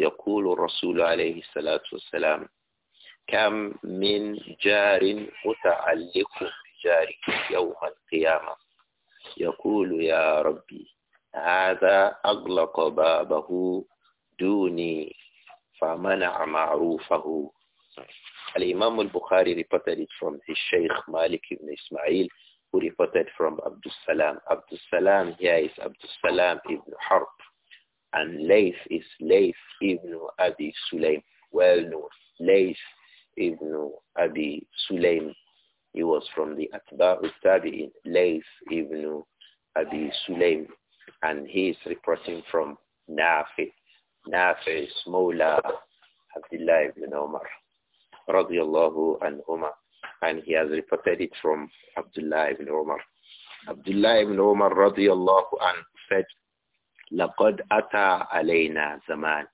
يقول الرسول عليه الصلاة والسلام كم من جار متعلق الجاري يوم القيامة يقول يا ربي هذا أغلق بابه دوني فمنع معروفه الإمام البخاري reported it from his Sheikh Malik ibn Ismail who reported from Abdul Salam. Abdul Salam here is Abdul Salam ibn Harb and Layth is Layth ibn Abi Sulaim well known Layth ibn Abi Sulaim He was from the Atba Tabi'in, Layth ibn Abi Sulaim, and he is reporting from Nafi. Nafi is Mawla Abdullah ibn Umar, radiallahu anhuma, and he has reported it from Abdullah ibn Umar. Abdullah ibn Umar, radiallahu anhu, said, لقد أتى علينا زمان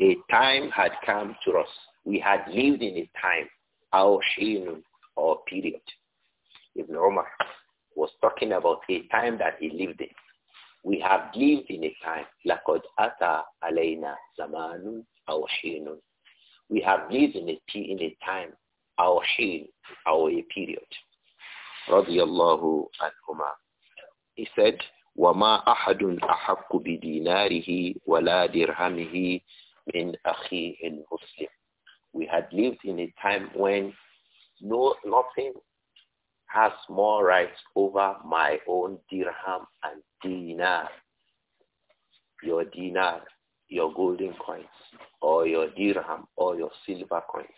a time had come to us. We had lived in a time, أو حين or period. Ibn Umar was talking about a time that he lived in. We have lived in a time, لَقَدْ أَتَى عَلَيْنَا زَمَانٌ أَوْ حِينٌ We have lived in a, in a time, أو حين, أو a period. رضي الله عنهما. He said, وَمَا أَحَدٌ أَحَقُّ بِدِينَارِهِ وَلَا دِرْهَمِهِ مِنْ أَخِيهِ الْمُسْلِمِ We had lived in a time when no, nothing has more rights over my own dirham and dinar. Your dinar, your golden coins, or your dirham, or your silver coins.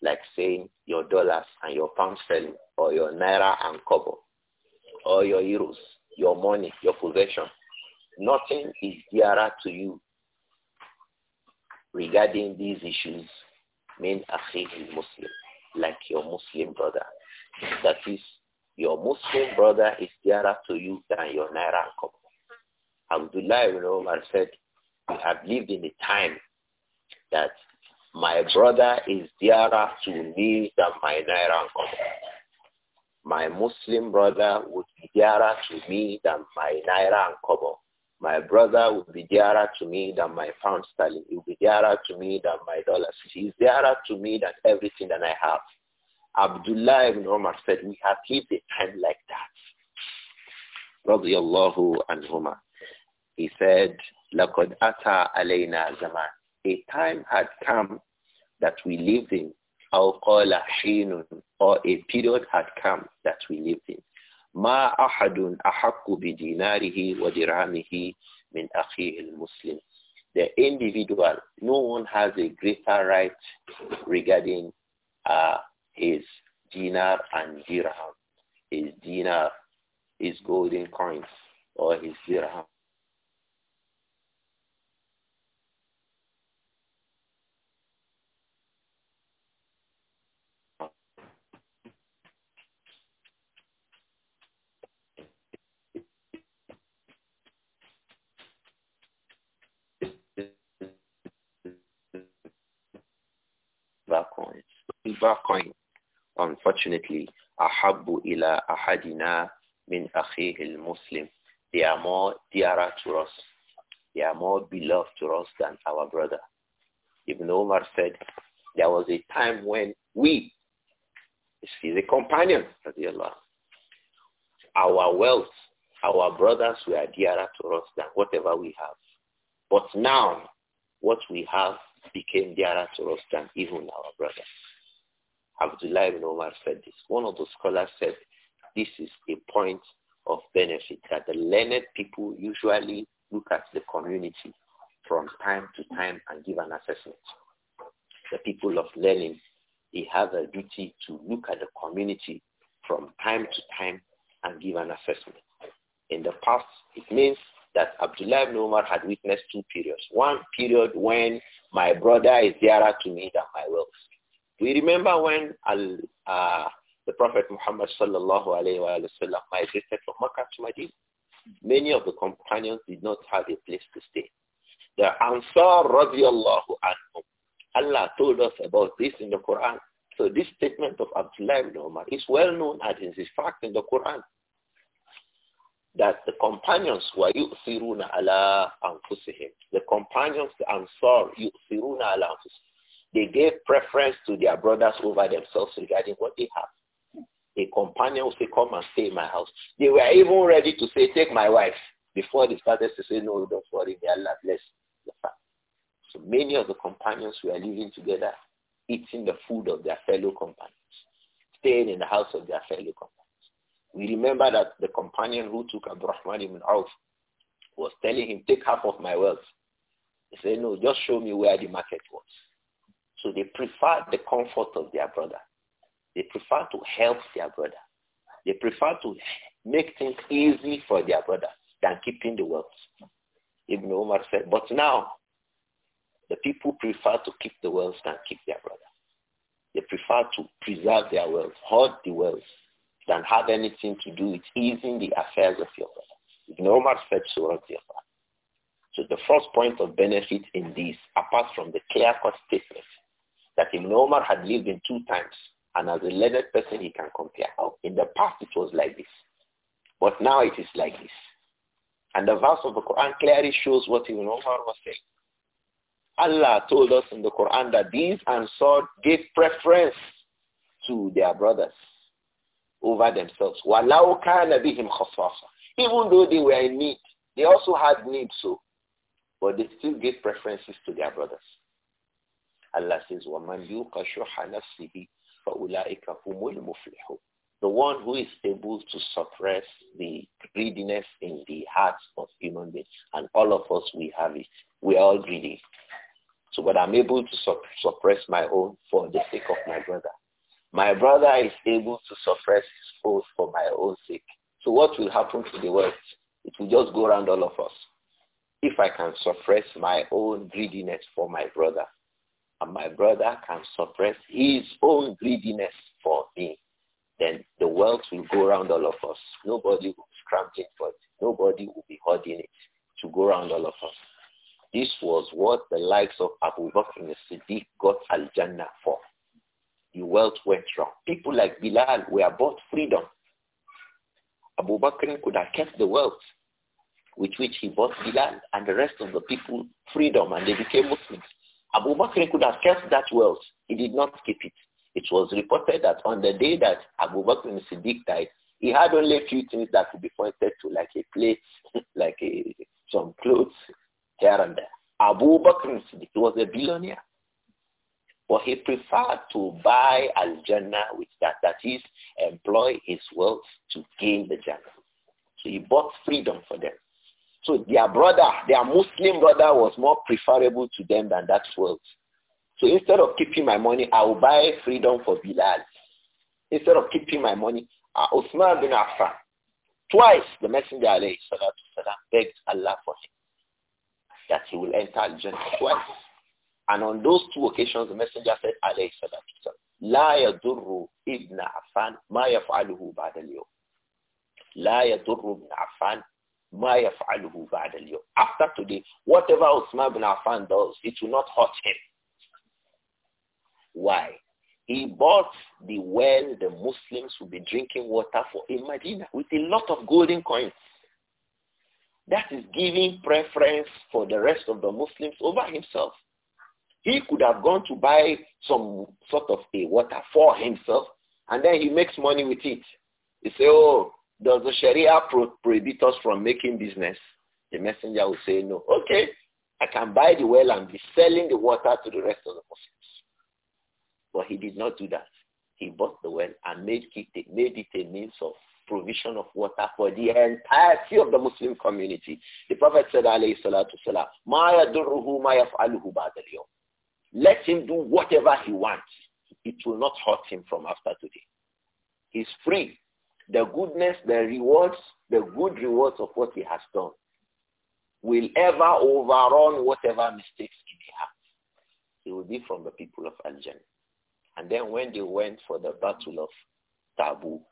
Like saying your dollars and your pound sterling, or your naira and kobo, or your euros, your money, your possession. Nothing is dearer to you regarding these issues min akhihi muslim like your Muslim brother. That is, your Muslim brother is dearer to you than your Naira couple. Abdullah ibn Umar said, we have lived in a time that my brother is dearer to me than my Naira couple. My Muslim brother would be dearer to me than my Naira and Kobo. My brother will be dearer to me than my pound sterling. He will be dearer to me than my dollars. He is dearer to me than everything that I have. Abdullah ibn Umar said, we have lived a time like that. Radiallahu anhuma. He said, لَقَدْ أَتَى عَلَيْنَا زَمَانٍ A time had come that we lived in, أَوْ قَالَ حِينٌ Or a period had come that we lived in. ما أحد أحق بديناره من أخيه المسلم. The individual, no one has a greater right regarding uh, his dinar and dirham, his dinar, his golden coins, or his dirham. riba coin, unfortunately, ahabu ila ahadina min akhihil muslim. They are more dearer to us. They are more beloved to us than our brother. Ibn Omar said, there was a time when we, is a companion, our wealth, our brothers were dearer to us than whatever we have. But now, what we have became dearer to us than even our brothers. Abdullah ibn Omar said this. One of the scholars said this is a point of benefit that the learned people usually look at the community from time to time and give an assessment. The people of learning, they have a duty to look at the community from time to time and give an assessment. In the past, it means that Abdullah ibn Umar had witnessed two periods. One period when my brother is dearer to me than my wealth. We remember when al, uh, the Prophet Muhammad sallallahu alayhi wa migrated from Makkah to Madinah, Many of the companions did not have a place to stay. The Ansar radiallahu anhum, Allah told us about this in the Quran. So this statement of Abdullah ibn Umar is well known as it is fact in the Quran that the companions were yu'thiruna ala anfusihim. The companions, the Ansar, yu'thiruna ala anfusihim they gave preference to their brothers over themselves regarding what they have. A companion would say, come and stay in my house. They were even ready to say, take my wife. Before they started to say, no, don't worry, may Allah bless the So many of the companions were living together, eating the food of their fellow companions, staying in the house of their fellow companions. We remember that the companion who took Abdurrahman ibn Auf was telling him, take half of my wealth. He said, no, just show me where the market was. So they prefer the comfort of their brother. They prefer to help their brother. They prefer to make things easy for their brother than keeping the wealth. Ibn Omar said, but now the people prefer to keep the wealth than keep their brother. They prefer to preserve their wealth, hoard the wealth, than have anything to do with easing the affairs of your brother. Ibn Omar said, Surah So the first point of benefit in this, apart from the clear-cut statement, that Ibn Omar had lived in two times. And as a learned person, he can compare. In the past, it was like this. But now it is like this. And the verse of the Quran clearly shows what Ibn Omar was saying. Allah told us in the Quran that these Ansar gave preference to their brothers over themselves. Even though they were in need, they also had need so, but they still gave preferences to their brothers. Allah says, وَمَنْ يُوقَ شُحَ نَفْسِهِ فَأُولَٰئِكَ هُمُ The one who is able to suppress the greediness in the hearts of human beings, and all of us, we have it. We are all greedy. So, but I'm able to suppress my own for the sake of my brother. My brother is able to suppress his own for my own sake. So what will happen to the world? It will just go around all of us. If I can suppress my own greediness for my brother, and my brother can suppress his own greediness for me, then the wealth will go around all of us. Nobody will be scrambling for it. Nobody will be hoarding it to go around all of us. This was what the likes of Abu Bakr and Siddiq got Al-Jannah for. The wealth went wrong. People like Bilal were bought freedom. Abu Bakr could have kept the wealth with which he bought Bilal and the rest of the people freedom and they became Muslims. Abu Bakr could have kept that wealth. He did not keep it. It was reported that on the day that Abu Bakr and Siddiq died, he had only a few things that could be pointed to, like a plate, like a, some clothes here and there. Abu Bakr Siddiq was a billionaire. But he preferred to buy Al-Jannah with that, that is, employ his wealth to gain the Jannah. So he bought freedom for them. So their brother, their Muslim brother was more preferable to them than that world. So instead of keeping my money, I will buy freedom for Bilal. Instead of keeping my money, uh, Uthman bin Affan. Twice the Messenger alayhi salatu salam begged Allah for him that he will enter Jannah twice. And on those two occasions, the Messenger said alayhi salatu salam, لا يضر ابن عفان ما يفعله بعد اليوم. لا يضر ابن عفان after today, whatever Uthman bin Affan does, it will not hurt him. Why? He bought the well the Muslims will be drinking water for in Medina with a lot of golden coins. That is giving preference for the rest of the Muslims over himself. He could have gone to buy some sort of a water for himself and then he makes money with it. He say, oh, does the Sharia pro- prohibit us from making business? The messenger will say no. Okay, I can buy the well and be selling the water to the rest of the Muslims. But he did not do that. He bought the well and made it, made it a means of provision of water for the entirety of the Muslim community. The Prophet said, alayhi salatu salam, ma yadurruhu ma yaf'aluhu Let him do whatever he wants. It will not hurt him from after today. He's free the goodness, the rewards, the good rewards of what he has done will ever overrun whatever mistakes he may have. He will be from the people of Aljan. And then when they went for the battle of Tabuk,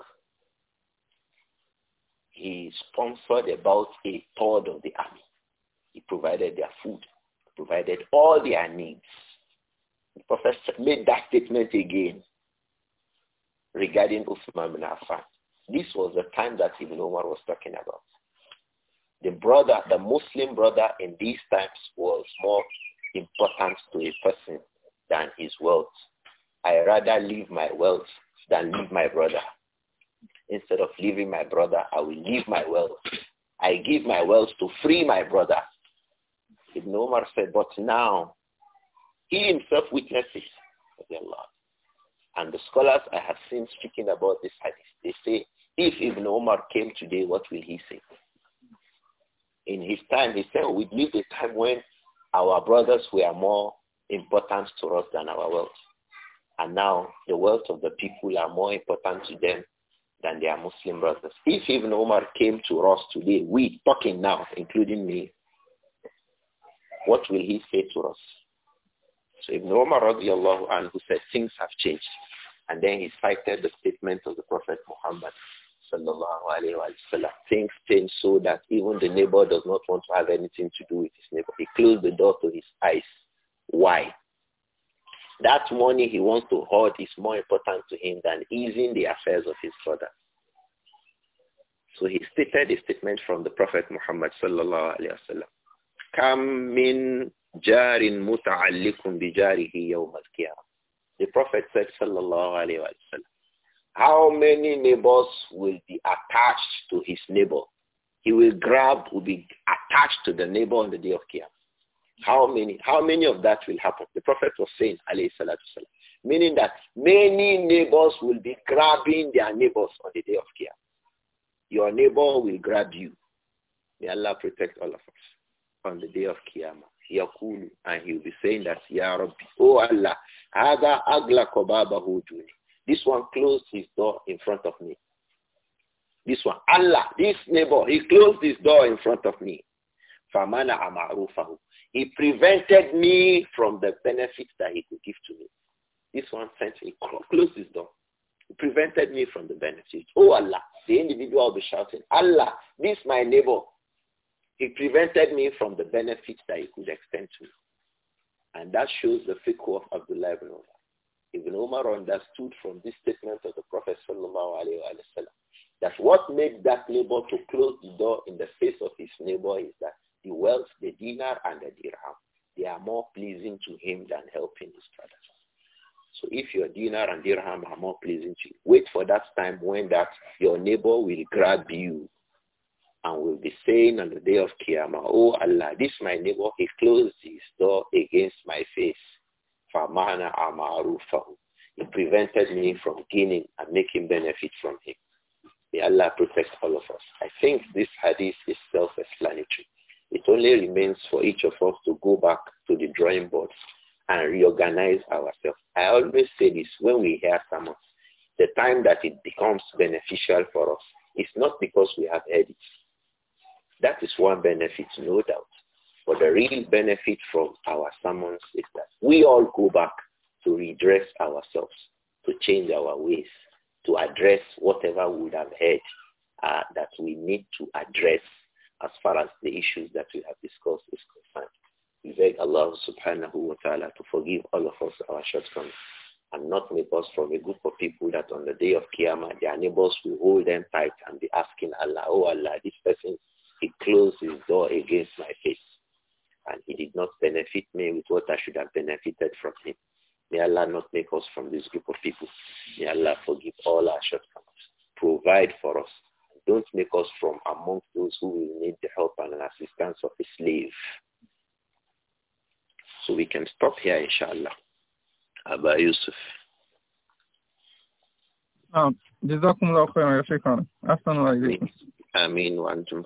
he sponsored about a third of the army. He provided their food, provided all their needs. The prophet made that statement again regarding Uthman bin Affan. This was the time that Ibn Umar was talking about. The brother, the Muslim brother in these times was more important to a person than his wealth. I rather leave my wealth than leave my brother. Instead of leaving my brother, I will leave my wealth. I give my wealth to free my brother. Ibn Umar said, but now he himself witnesses. And the scholars I have seen speaking about this hadith, they say if Ibn Omar came today, what will he say? In his time, he said, we lived a time when our brothers were more important to us than our wealth. And now the wealth of the people are more important to them than their Muslim brothers. If Ibn Omar came to us today, we talking now, including me, what will he say to us? So Ibn Umar radiallahu anhu said, things have changed. And then he cited the statement of the Prophet Muhammad sallallahu alayhi wa sallam, things change so that even the neighbor does not want to have anything to do with his neighbor. He closed the door to his eyes. Why? That money he wants to hoard is more important to him than easing the affairs of his brother. So he stated a statement from the Prophet Muhammad sallallahu alayhi wa sallam. Kam min jarin muta'allikum bi jarihi yawm al-qiyamah. The Prophet said sallallahu alayhi wa sallam how many neighbors will be attached to his neighbor? He will grab, will be attached to the neighbor on the day of Qiyamah. How many, how many of that will happen? The Prophet was saying, alayhi salatu salam, meaning that many neighbors will be grabbing their neighbors on the day of Qiyamah. Your neighbor will grab you. May Allah protect all of us on the day of Qiyamah. Yaqulu, and he will be saying that, Ya Rabbi, O oh Allah, this one closed his door in front of me. This one, Allah, this neighbor, he closed his door in front of me. amarufahu. He prevented me from the benefits that he could give to me. This one sent me, closed his door. He prevented me from the benefits. Oh Allah, the individual will be shouting, Allah, this my neighbor. He prevented me from the benefits that he could extend to me. And that shows the fiqh of Abdullah ibn Umar. Ibn Umar understood from this statement of the Prophet sallam that what made that neighbor to close the door in the face of his neighbor is that the wealth, the dinar and the dirham, they are more pleasing to him than helping his brother. So if your dinar and dirham are more pleasing to you, wait for that time when that your neighbor will grab you and will be saying on the day of Qiyamah, Oh Allah, this my neighbor, he closed his door against my face. He prevented me from gaining and making benefit from him. May Allah protect all of us. I think this hadith is self-explanatory. It only remains for each of us to go back to the drawing board and reorganize ourselves. I always say this when we hear someone, the time that it becomes beneficial for us is not because we have heard it. That is one benefit, no doubt. But the real benefit from our summons is that we all go back to redress ourselves, to change our ways, to address whatever we would have heard uh, that we need to address as far as the issues that we have discussed is concerned. We beg Allah subhanahu wa ta'ala to forgive all of us our shortcomings and not make us from a group of people that on the day of Qiyamah, their neighbors will hold them tight and be asking Allah, oh Allah, this person, he closed his door against my face and he did not benefit me with what I should have benefited from him. May Allah not make us from this group of people. May Allah forgive all our shortcomings. Provide for us. Don't make us from among those who will need the help and assistance of a slave. So we can stop here, inshallah. Abba Yusuf. Um, جزاكم الله خيرا يا شيخنا أحسن الله إليكم آمين وأنتم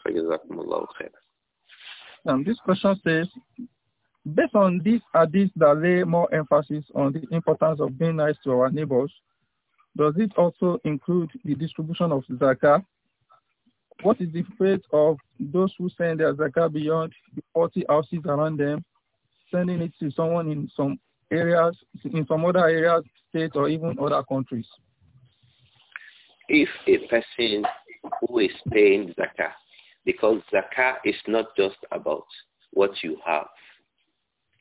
question. Um, this question says, based on these ideas that lay more emphasis on the importance of being nice to our neighbors, does it also include the distribution of zakah? What is the fate of those who send their zakah beyond the 40 houses around them, sending it to someone in some areas, in some other areas, states, or even other countries? If a person who is paying zakah because zakah is not just about what you have,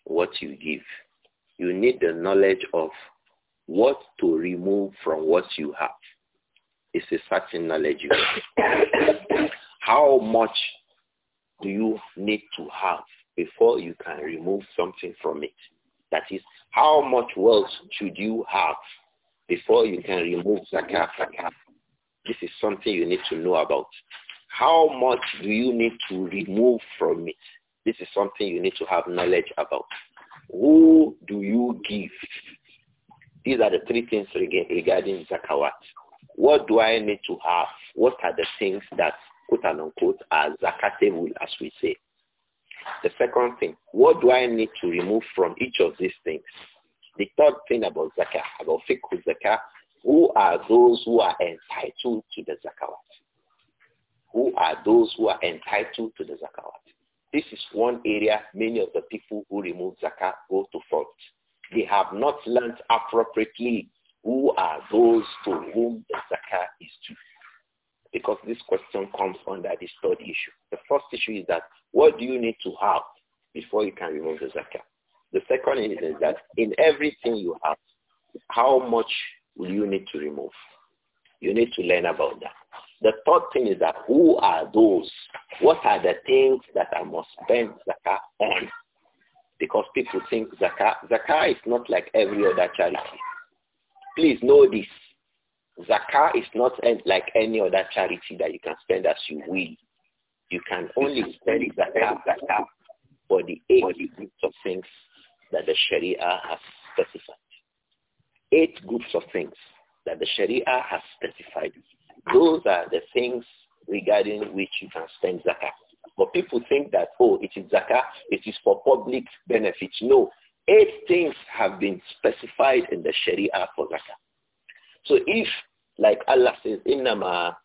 what you give. You need the knowledge of what to remove from what you have. It's a certain knowledge you have. How much do you need to have before you can remove something from it? That is, how much wealth should you have before you can remove zakah? This is something you need to know about. How much do you need to remove from it? This is something you need to have knowledge about. Who do you give? These are the three things regarding zakawat. What do I need to have? What are the things that, quote unquote, are zakatable, as we say? The second thing, what do I need to remove from each of these things? The third thing about zakah, about fiqh zakah, who are those who are entitled to the zakawat? who are those who are entitled to the zakat. This is one area many of the people who remove zakat go to fault. They have not learned appropriately who are those to whom the zakat is due. Because this question comes under this third issue. The first issue is that what do you need to have before you can remove the zakat? The second is that in everything you have, how much will you need to remove? You need to learn about that. The third thing is that who are those? What are the things that I must spend zakat on? Because people think zakat, zakat is not like every other charity. Please know this. zakat is not like any other charity that you can spend as you will. You can only spend zakat, zakat, for the eight groups of things that the Sharia has specified. Eight groups of things that the Sharia has specified. Those are the things regarding which you can spend zakat. But people think that, oh, it is zakat, it is for public benefit. No, eight things have been specified in the Sharia for zakat. So if, like Allah says, innama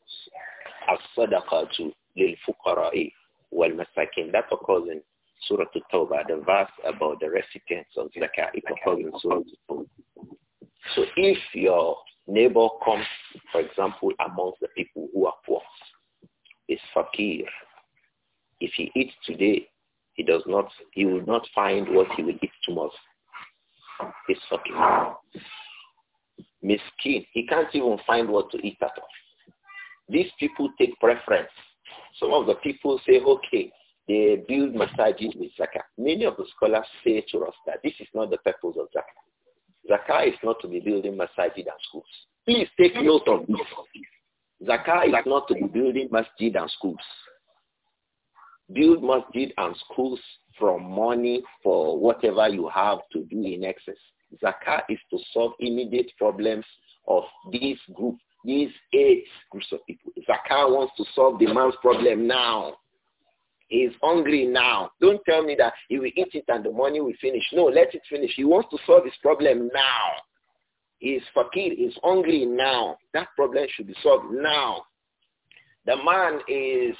as-sadaqatu lil-fuqara'i wal-masakin, that occurs in Surah At-Tawbah, the verse about the recipients of zakat, it occurs in Surah at So if your neighbor comes for example, amongst the people who are poor, is fakir. If he eats today, he does not, he will not find what he will eat tomorrow. He's fakir. Miskin, he can't even find what to eat at all. These people take preference. Some of the people say, okay, they build masajid with zakah. Many of the scholars say to us that this is not the purpose of zakah. Zakah is not to be building masajid and schools. Please take note of this. Zakah is not to be building masjid and schools. Build masjid and schools from money for whatever you have to do in excess. Zakah is to solve immediate problems of these group, these eight groups of people. Zakah wants to solve the man's problem now. He is hungry now. Don't tell me that he will eat it and the money will finish. No, let it finish. He wants to solve his problem now is fakir, is hungry now. That problem should be solved now. The man is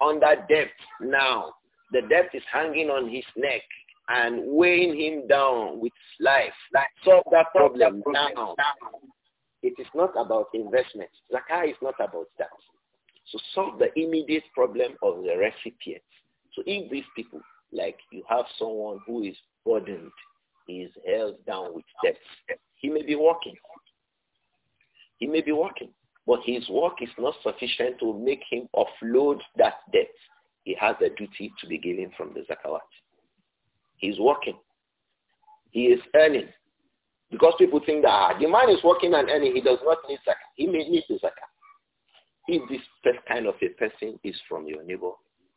under debt now. The debt is hanging on his neck and weighing him down with life. solve that problem, problem now. now. It is not about investment. Zakah is not about that. So solve the immediate problem of the recipient. So if these people, like you have someone who is burdened, is held down with debt, he may be working. He may be working. But his work is not sufficient to make him offload that debt. He has a duty to be given from the zakawat. He's working. He is earning. Because people think that ah, the man is working and earning. He does not need zakat. He may need the zakat. If this kind of a person is from your neighbor,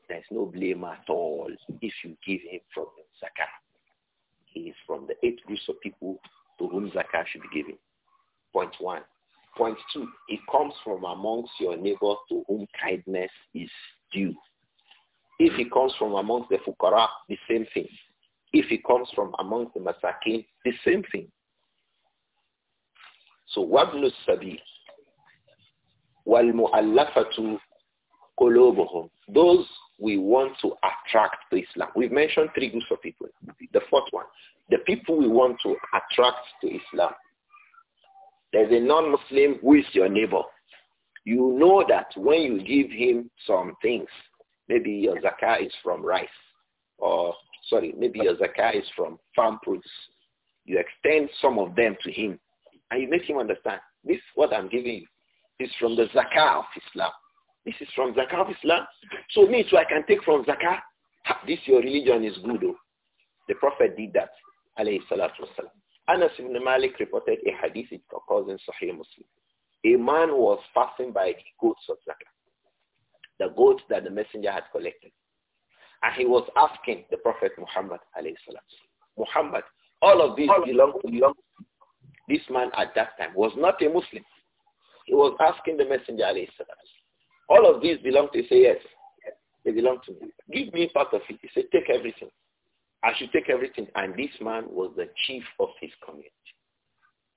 there is no blame at all if you give him from the zakat. He is from the eight groups of people to whom zakah should be given. Point one. Point two, it comes from amongst your neighbors to whom kindness is due. If it comes from amongst the fukara, the same thing. If it comes from amongst the masakin, the same thing. So wabnu sabi wal mu'allafatu qulubuhum. Those we want to attract to Islam. We've mentioned three groups of people. The fourth one, the people we want to attract to Islam. There's a non-Muslim who is your neighbor. You know that when you give him some things, maybe your zakah is from rice, or sorry, maybe your zakah is from farm produce. You extend some of them to him, and you make him understand, this is what I'm giving you is from the zakah of Islam. This is from zakah of Islam. So me too, I can take from zakah. This your religion is good. Though. The Prophet did that alayhi salatu wasalam. Anas ibn Malik reported a hadith which occurs in Sahih Muslim. A man was passing by the goats of Zakat, the goats that the messenger had collected. And he was asking the Prophet Muhammad alayhi Muhammad, all of these belong to you. This man at that time was not a Muslim. He was asking the messenger alayhi All of these belong to you. Say yes. They belong to me. Give me part of it. He said, take everything. I should take everything. And this man was the chief of his community.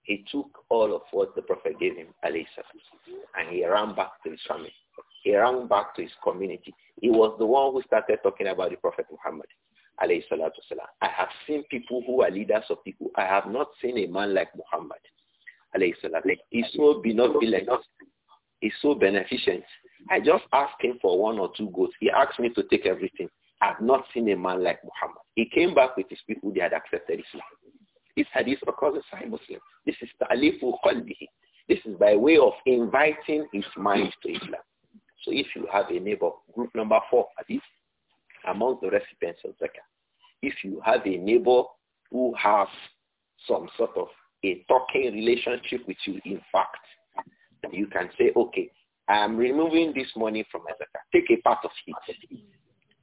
He took all of what the Prophet gave him, and he ran back to his family. He ran back to his community. He was the one who started talking about the Prophet Muhammad, I have seen people who are leaders of people. I have not seen a man like Muhammad, alayhi He's so benevolent. He's so beneficent. I just asked him for one or two goats. He asked me to take everything have not seen a man like Muhammad. He came back with his people, they had accepted Islam. This hadith occurs in Sahih Muslim. This is ta'lifu qalbihi. This is by way of inviting his mind to Islam. So if you have a neighbor, group number four, hadith, among the recipients of zakah, if you have a neighbor who has some sort of a talking relationship with you, in fact, you can say, okay, I'm removing this money from my zakah. Take a part of it.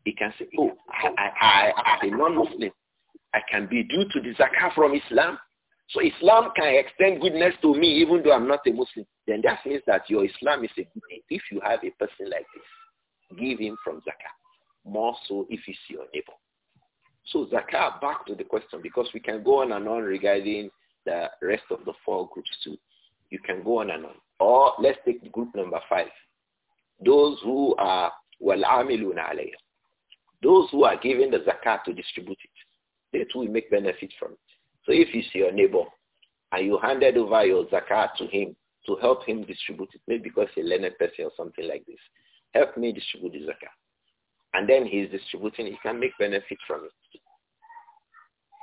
He can say, oh, I, I, a non-Muslim, I can be due to the zakah from Islam. So Islam can extend goodness to me even though I'm not a Muslim. Then that means that your Islam is a good thing. If you have a person like this, give him from zakah. More so if he's your neighbor. So zakah, back to the question, because we can go on and on regarding the rest of the four groups too. You can go on and on. Or let's take group number five. Those who are وَالْعَامِلُونَ عَلَيْهِ those who are giving the zakat to distribute it, they too will make benefit from it. So if you see your neighbor and you handed over your zakat to him to help him distribute it, maybe because he's a learned person or something like this, help me distribute the zakat. And then he's distributing, he can make benefit from it.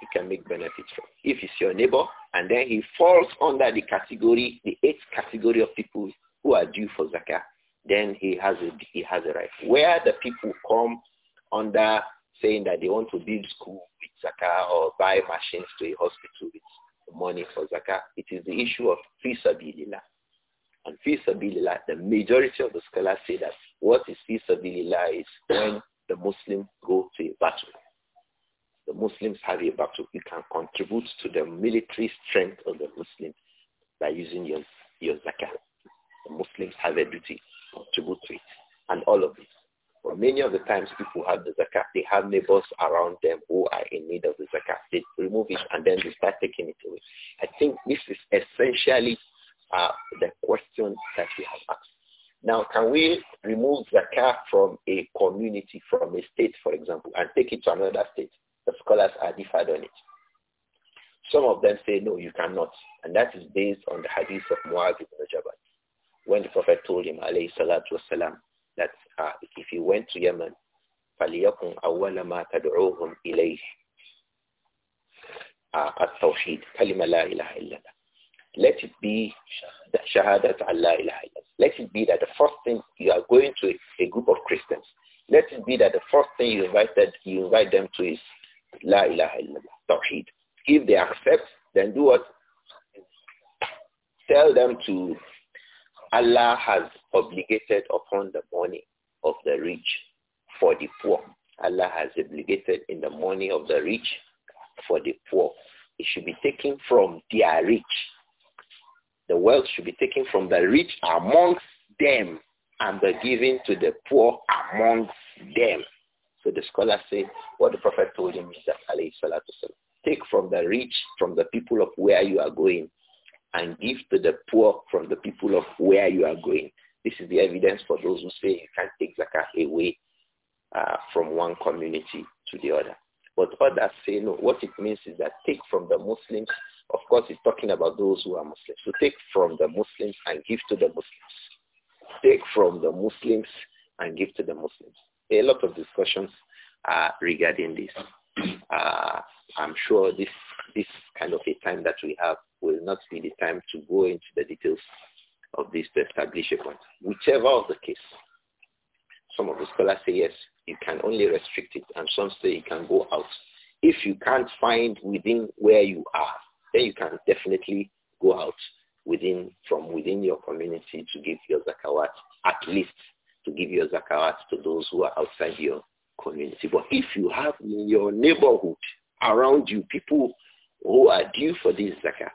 He can make benefit from it. If he's your neighbor and then he falls under the category, the eighth category of people who are due for zakat, then he has a, he has a right. Where the people come under saying that they want to build school with zakah or buy machines to a hospital with money for zakah. It is the issue of fisabilillah. And fisabilillah, the majority of the scholars say that what is fisabilillah is when the Muslims go to a battle. The Muslims have a battle. You can contribute to the military strength of the Muslims by using your, your zakah. The Muslims have a duty, contribute to it, and all of it. But many of the times people have the zakat, they have neighbors around them who are in need of the zakat. They remove it and then they start taking it away. I think this is essentially uh, the question that we have asked. Now, can we remove zakat from a community, from a state, for example, and take it to another state? The scholars are differed on it. Some of them say, no, you cannot. And that is based on the hadith of Muaz ibn Jabal. When the Prophet told him, alayhi salatu wasalam, that uh, if you went to Yemen, فَلْيَكُنْ أَوَّلَ مَا تَدْعُوهُمْ إِلَيْهِ uh, التوحيد كلمة لا إله إلا الله let it be shahadat Allah ilaha let it be that the first thing you are going to a, group of Christians let it be that the first thing you invite that you invite them to is la ilaha illallah tawheed if they accept then do what tell them to Allah has obligated upon the money of the rich for the poor. Allah has obligated in the money of the rich for the poor. It should be taken from their rich. The wealth should be taken from the rich amongst them and the giving to the poor amongst them. So the scholar said what the Prophet told him is that, take from the rich, from the people of where you are going, and give to the poor from the people of where you are going. This is the evidence for those who say you can't take zakah away uh, from one community to the other. But others say no. What it means is that take from the Muslims. Of course, it's talking about those who are Muslims. So take from the Muslims and give to the Muslims. Take from the Muslims and give to the Muslims. A lot of discussions uh, regarding this. Uh, I'm sure this this kind of a time that we have will not be the time to go into the details of this to establish a point. Whichever of the case, some of the scholars say yes, you can only restrict it, and some say you can go out. If you can't find within where you are, then you can definitely go out within from within your community to give your zakawat, at least to give your zakawat to those who are outside your community. But if you have in your neighborhood around you people who are due for this zakat,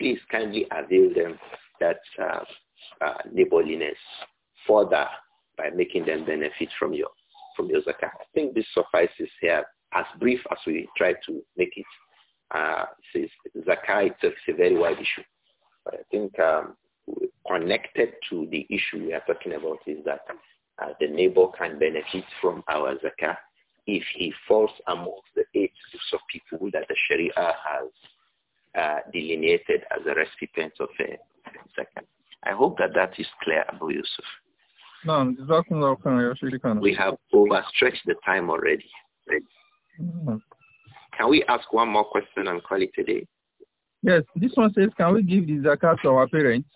please kindly avail them that uh, uh, neighborliness further by making them benefit from your from your zakat. I think this suffices here as brief as we try to make it. Uh, since zakat itself is a very wide issue, but I think um, connected to the issue we are talking about is that uh, the neighbor can benefit from our zakat if he falls amongst the eight groups of people that the Sharia has uh, delineated as a recipient of a second. I hope that that is clear, Abu Yusuf. No, we have overstretched the time already. Can we ask one more question and call it a day? Yes, this one says, can we give the zakat to our parents?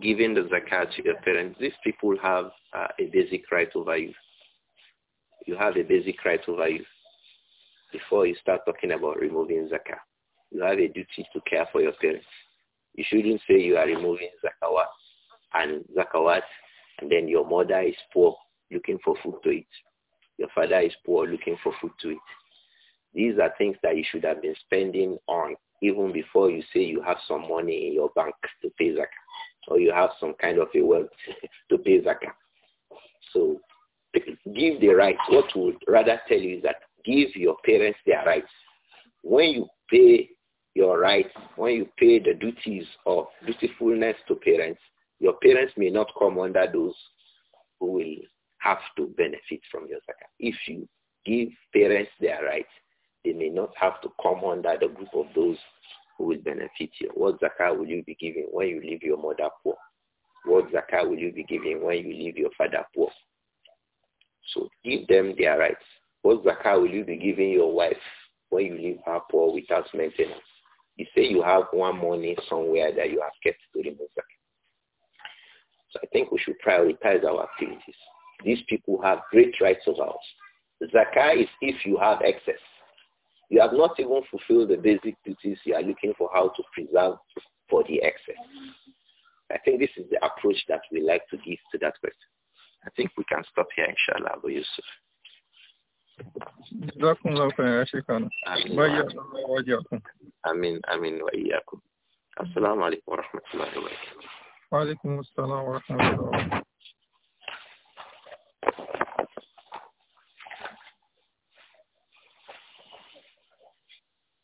Giving the zakat to your parents, these people have uh, a basic right over you. You have a basic right over you before you start talking about removing zakah. You have a duty to care for your parents. You shouldn't say you are removing zakawat and zakawat and then your mother is poor looking for food to eat. Your father is poor looking for food to eat. These are things that you should have been spending on even before you say you have some money in your bank to pay zakah or you have some kind of a wealth to pay zakah. So give the right. What would rather tell you is that give your parents their rights. When you pay your rights, when you pay the duties of dutifulness to parents, your parents may not come under those who will have to benefit from your zakat. If you give parents their rights, they may not have to come under the group of those who will benefit you. What zakat will you be giving when you leave your mother poor? What zakat will you be giving when you leave your father poor? So give them their rights. What zakah will you be giving your wife when you leave her poor without maintenance? You say you have one money somewhere that you have kept to remove zakah. So I think we should prioritize our activities. These people have great rights of ours. Zakah is if you have excess. You have not even fulfilled the basic duties you are looking for how to preserve for the excess. I think this is the approach that we like to give to that question. I think we can stop here, inshallah, Abu Yusuf. جزاكم الله خيرا شكرا وإياكم وإياكم آمين آمين وإياكم السلام عليكم ورحمة الله وبركاته وعليكم السلام ورحمة الله وبركاته